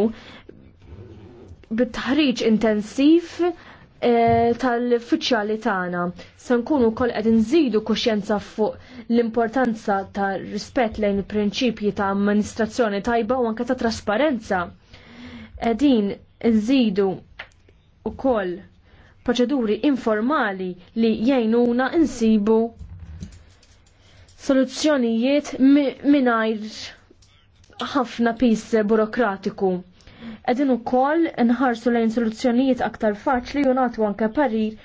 bit-taħriġ intensiv eh, tal-uffiċjali tagħna. Se nkunu wkoll qed nżidu kuxjenza fuq l-importanza ta' rispett lejn il-prinċipji ta' amministrazzjoni tajba u anke ta' trasparenza. Qegħdin nżidu wkoll proċeduri informali li jgħinuna insibu soluzzjonijiet mingħajr ħafna pis burokratiku. Edin u kol nħarsu lejn soluzzjonijiet aktar faċli u natu anke parir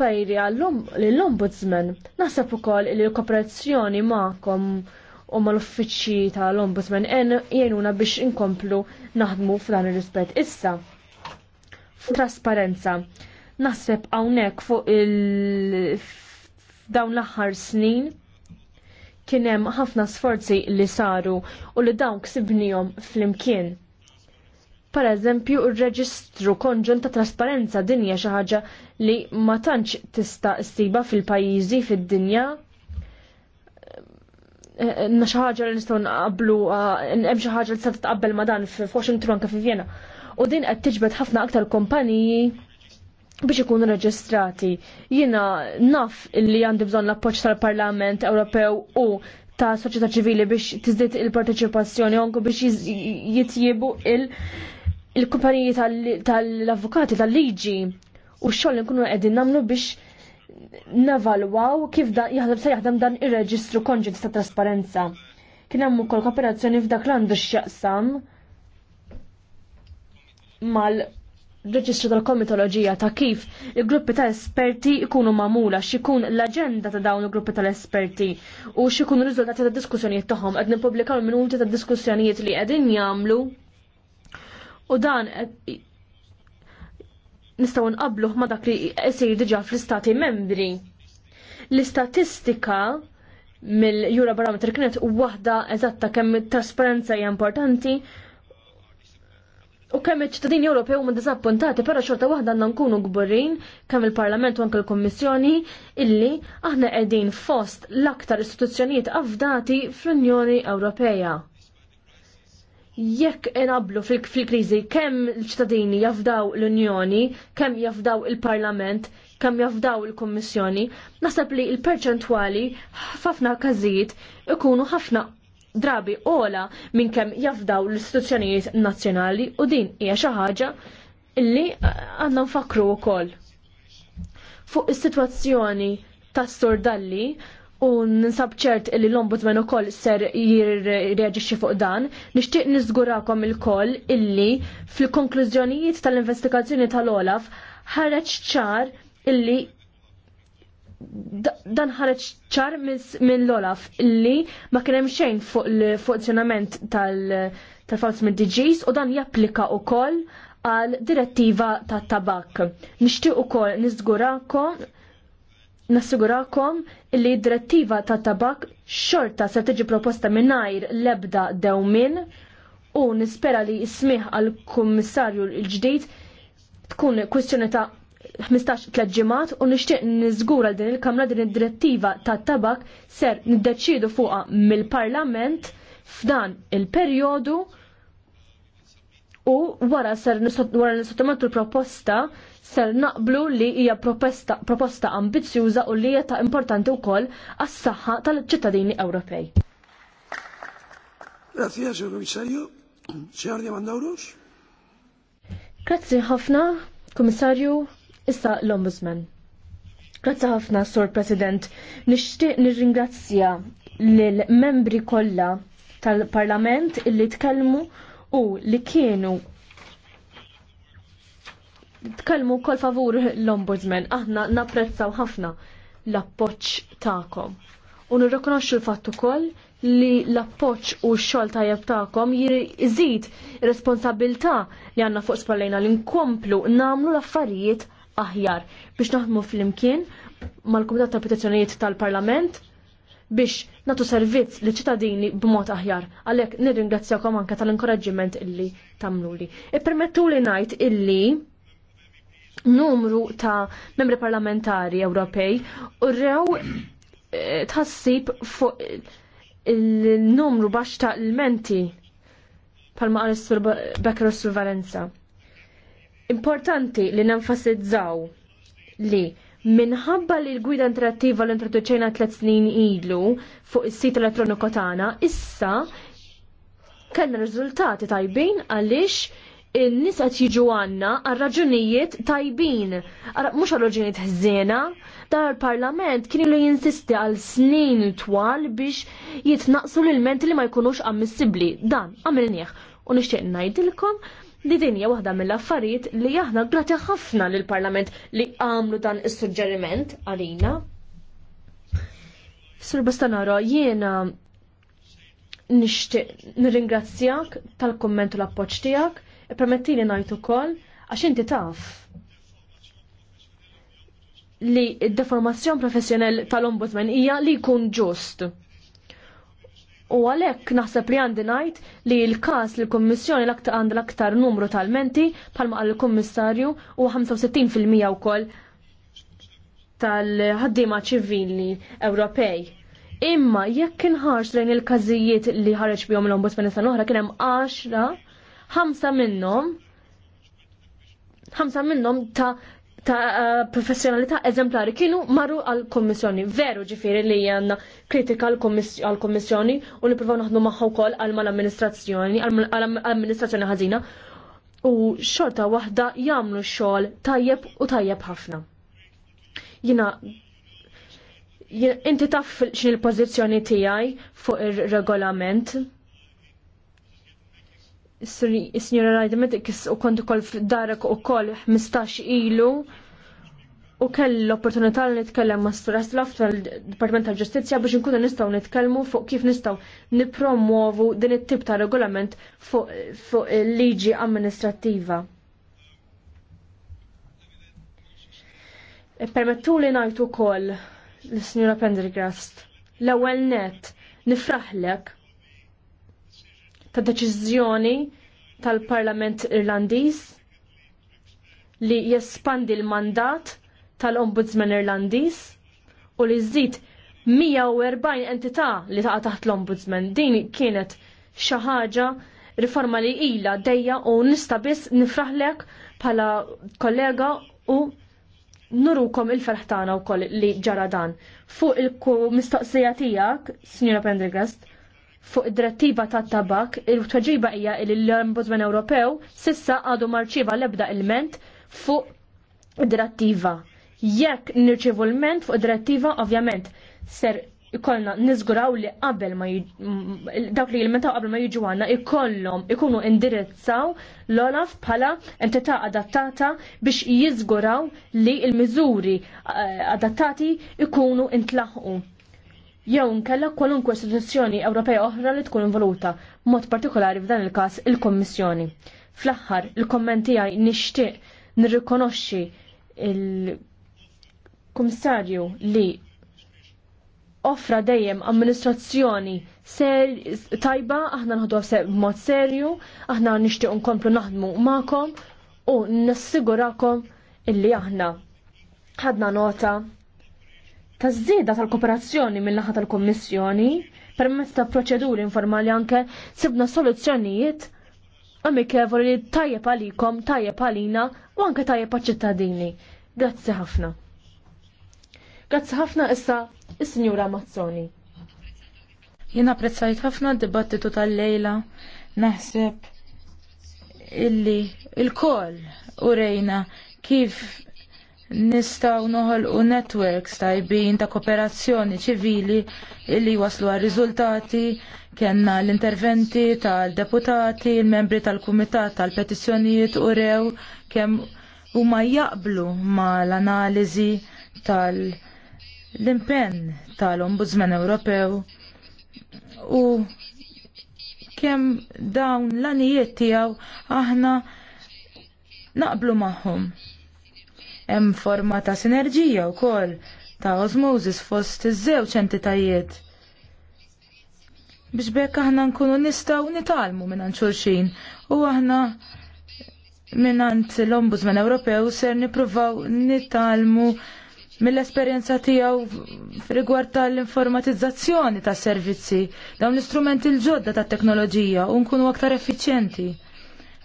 pajri l-ombudsman. Nasab u kol li l-kooperazzjoni ma'kom u mal uffiċċji tal-ombudsman jenuna biex inkomplu naħdmu f'dan ir-rispett. Issa, trasparenza. Nasab hawnhekk fuq il dawn l-aħħar snin kienem ħafna sforzi li saru u li dawn fl-imkien. Per eżempju, il reġistru konġun ta' trasparenza dinja xaħġa li ma tantx tista' siba fil-pajjiżi fid-dinja. Eh, eh, na xaħġa ħaġa li nistgħu nqablu eh, hemm xi ħaġa li tista' titqabbel ma dan f'Washington anke fi Vienna. U din qed tiġbed ħafna aktar kumpaniji biex ikunu reġistrati. Jina naf li għandi bżon l-appoċ tal-Parlament Ewropew u ta' soċjetà ċivili biex tizdit il-parteċipazzjoni onku biex jitjibu il- kumpaniji tal-avukati tal-liġi u x-xogħol nkunu qegħdin nagħmlu biex navalwaw kif jaħdem se jaħdem dan ir-reġistru konġent ta' trasparenza. Kien hemm ukoll kooperazzjoni f'dak l-għandu x'jaqsam mal reġistru tal-komitoloġija ta' kif il-gruppi ta' esperti ikunu mamula, xikun l-agenda ta' dawn il-gruppi tal-esperti u xikun il-rizultati ta' diskussjonijiet tagħhom qed publikaw minuti ta' diskussjonijiet li qegħdin jagħmlu u dan nistgħu nqabluh ma' dak li jsir diġà fl-istati membri. L-istatistika mill-Eurobarometer jura kienet waħda eżatta kemm trasparenza hija importanti U kemm iċ-ċittadini Ewropew huma diżappuntati, però xorta waħda għandna nkunu gburin kemm il-Parlament u anke l-Kummissjoni illi aħna qegħdin fost l-aktar istituzzjonijiet avdati fl-Unjoni Ewropea. Jekk inablu fil-kriżi kemm l-ċittadini jafdaw l-Unjoni, kemm jafdaw il-Parlament, kemm jafdaw il-Kummissjoni, naħseb li l-perċentwali f'ħafna każijiet ikunu ħafna drabi ola minn kemm jafdaw l-istituzzjonijiet nazzjonali u din hija xi ħaġa illi eh, għandna nfakru wkoll. Fuq is-sitwazzjoni tas sordalli u ninsab ċert li l-ombudsman ukoll ser jirreġixxi fuq dan, nixtieq niżgurakom il-koll illi fil-konklużjonijiet tal-investigazzjoni tal-Olaf ħareġ ċar illi dan ħareġ ċar minn l-Olaf illi ma kien hemm xejn fuq il-funzjonament tal-fals mid-DGs u dan japplika wkoll għal direttiva tat tabak. Nixtieq ukoll niżgurakom nassigurakom li direttiva tat tabak xorta se tiġi proposta mingħajr l-ebda dewmin u nispera li smih għal kummissarju l-ġdid tkun kwistjoni ta' 15 ġimat u nixtieq niżgura din il-Kamra din id-direttiva tat-tabak ser niddeċidu fuqha mill-Parlament f'dan il-perjodu u wara ser wara nisottomettu l-proposta ser naqblu li hija proposta, proposta ambizzjuża u li hija ta' importanti wkoll għas-saħħa tal-ċittadini Ewropej. Grazie, signor Commissario. Signor Diamandouros. Grazie ħafna, Commissario. Issa l-Ombudsman. Grazzi ħafna, Sur President. Nixtieq nirringrazzja lill membri kollha tal-Parlament illi tkellmu u li kienu tkellmu kol favur l-Ombudsman. Aħna napprezzaw ħafna l-appoċ ta'kom. U nirrikonoxxu l-fatt ukoll li l-appoċ u x-xogħol tajjeb tagħkom jiżid responsabilità li għandna fuq spallejna li nkomplu nagħmlu l-affarijiet aħjar biex naħdmu fl-imkien mal-Kumitat tal Petizzjonijiet tal-Parlament biex natu servizz li ċittadini b'mod aħjar. Għalek nirringrazzjakom anka tal-inkoraġġiment illi tamluli. permettu li najt illi numru ta' membri parlamentari Ewropej rew eh, tħassib fuq il-numru baxta l-menti palma għal sur Valenza. Importanti li nenfasizzaw li minħabba li l-gwida interattiva l-introduċejna tlet snin ilu fuq is-sit elettroniku tagħna, issa kellna riżultati tajbin għaliex in-nies qed jiġu għandna għal raġunijiet tajbin, mhux għal raġunijiet ħżiena, dar parlament kien li jinsisti għal snin twal biex jitnaqsu l ilmenti li ma jkunux ammissibbli. Dan, għamilnieh. U nixtieq ngħidilkom li dinja waħda mill-affarijiet li aħna grati ħafna lil parlament li għamlu dan is-suġġeriment għalina. Sur Bastanaro, jiena nixtieq nirringrazzjak tal-komment u l-appoġġ tiegħek, permettili ngħid ukoll għax inti taf li d-deformazzjon professjonell tal-ombudsman hija li jkun ġust. U għalhekk naħseb li għandi ngħid li l-każ li l-Kummissjoni l-aktar għandha l-aktar numru tal-menti palma qal kommissarju kummissarju u 65% wkoll tal-ħaddiema ċivili Ewropej. Imma jekk inħarx lejn il-każijiet li ħareġ bihom l-Ombudsman sa oħra kien hemm 10, ħamsa minnhom ħamsa minnhom ta' ta' eh, professjonalità eżemplari kienu marru għal-kommissjoni. Veru ġifiri li għanna kritika għal-kommissjoni u niprofaw naħdmu maħħu kol għal-mal-amministrazzjoni, għal-amministrazzjoni ħazina u xorta wahda jamlu xol tajjeb u tajjeb ħafna. Jina, jina inti taf xin il-pozizjoni tijaj fuq il-regolament Is-Sinjora Rajda Medikis u kont ukoll f'darek ukoll 15 ilu u kell l-opportunità li nitkellem ma' Stura Slaf tal tal-Ġustizzja biex inkunu nistgħu nitkellmu fuq kif nistgħu nippromuovu din it-tip ta' regolament fuq il-liġi amministrattiva. E permettu li najtu kol l-Sinjura Pendergrast. L-ewwel net, nifraħlek ta' deċiżjoni tal-Parlament Irlandiż li jespandi l-mandat tal-Ombudsman Irlandiż u li żżid 140 entità li taqa' taħt l-Ombudsman. Din kienet xi ħaġa riforma li ila dejja u nista biss nifraħlek bħala kollega u nurukom il-ferħtana u koll li ġara dan. Fuq il-mistoqsija tijak, signora Pendergast, fuq id-direttiva ta' tabak, il-tweġiba hija li l-Ombudsman Ewropew sissa għadu marċiva l-ebda ilment fuq id-direttiva. Jekk nirċivu l-ment fuq id-direttiva, ovvjament, ser ikollna nizguraw li qabel ma dak li jilmentaw qabel ma jiġu għanna ikollhom ikunu indirizzaw l-olaf bħala entità adattata biex jiżguraw li l-miżuri eh, adattati ikunu intlaħqu jew nkella kwalunkwe istituzzjoni Ewropea oħra li tkun involuta, mod partikolari f'dan il-każ il-Kommissjoni. Fl-aħħar, il-kommenti għaj nixtieq nirrikonoxxi il-Kummissarju li offra dejjem amministrazzjoni ser, tajba, aħna nħodu mod serju, aħna nixtieq nkomplu naħdmu magħkom u nassigurakom illi aħna ħadna nota ta' tal-kooperazzjoni mill-naħa tal-Kommissjoni permezz ta' proċeduri informali anke sibna soluzzjonijiet amikevoli li tajjeb għalikom, tajjeb għalina u anke tajjeb għal-ċittadini. Grazzi ħafna. Grazzi ħafna issa is-Sinjura Mazzoni. Jena apprezzajt ħafna d-dibattitu tal-lejla, naħseb illi il-kol u rejna kif nistaw noħol u networks tajbin ta' kooperazzjoni ċivili illi waslu għal riżultati kena l-interventi tal-deputati, il-membri tal-kumitat tal-petizzjonijiet u rew kem u ma jaqblu ma l-analizi tal-impenn tal-Ombudsman Ewropew u kem dawn l-anijiet tijaw aħna naqblu magħhom. Hemm forma ta' sinerġija wkoll ta' osmosis fost iż-żewġ entitajiet. Biex bekk aħna nkunu nistgħu nitalmu minn xulxin u aħna minnant l-Ombudsman Ewropew ser nippruvaw nitalmu mill-esperjenza tiegħu rigward tal-informatizzazzjoni tas servizzi, dawn l-istrumenti l-ġodda tat teknoloġija u nkunu aktar effiċjenti.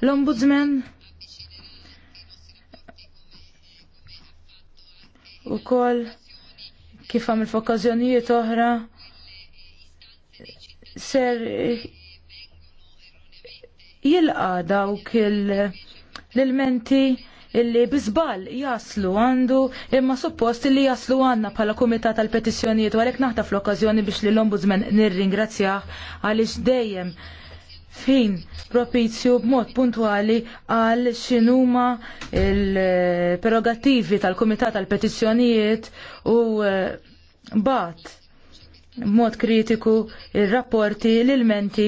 L-Ombudsman u kol kif il f'okkazjonijiet oħra ser jilqa dawk l-elementi illi bizbal jaslu għandu imma suppost illi jaslu għanna bħala kumitat tal petizzjonijiet u għalek naħta fl-okkazjoni biex li l-ombudsman nirringrazzjah għalix dejjem fin propizju b'mod puntwali għal xinuma il-prerogativi tal-Kumitat tal-Petizzjonijiet u eh, bat b'mod kritiku il-rapporti l-ilmenti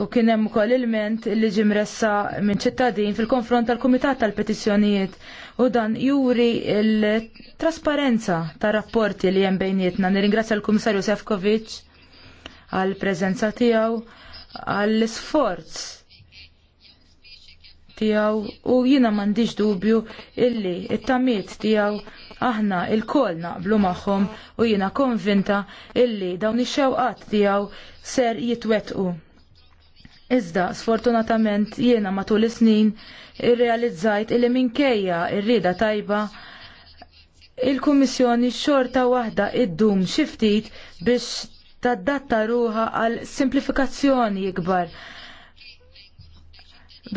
u kien hemm ukoll ilment li ġimressa minn ċittadin fil-konfront tal-Kumitat tal-Petizzjonijiet u dan juri il-trasparenza tar rapporti li hemm bejnietna. Nirringrazzja l-Kummissarju Sefkovic għal prezenza tiegħu għall isforz tiegħu u jiena m'għandix dubju illi t tamiet tiegħu aħna il-kol naqblu magħhom u jiena konvinta illi dawn ix-xewqat tiegħu ser jitwetqu. Iżda, sfortunatament, jiena matul is-snin irrealizzajt illi minkejja ir-rieda tajba il-Kummissjoni xorta waħda id-dum xiftit biex tadatta ruha għal simplifikazzjoni ikbar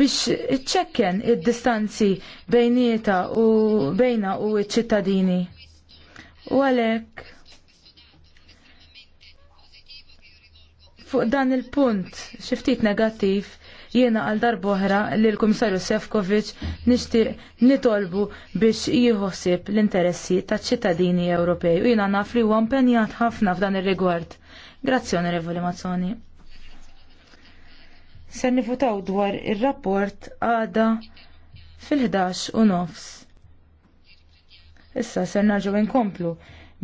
biex iċċekken id-distanzi bejnieta u bejna u ċ-ċittadini. U għalek fuq dan il-punt xiftit negattiv jiena għal darboħra li l-Komissarju Sefkovic nixtieq nitolbu biex jieħosib l-interessi taċ ċittadini Ewropej u jiena naf li huwa impenjat ħafna f'dan ir-rigward. Grazzi onorevoli Mazzoni. Ser nifutaw dwar ir-rapport għada fil-11 u nofs. Issa se narġu inkomplu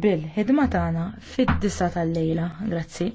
bil-ħidma tagħna fid-disa tal-lejla. Grazzi.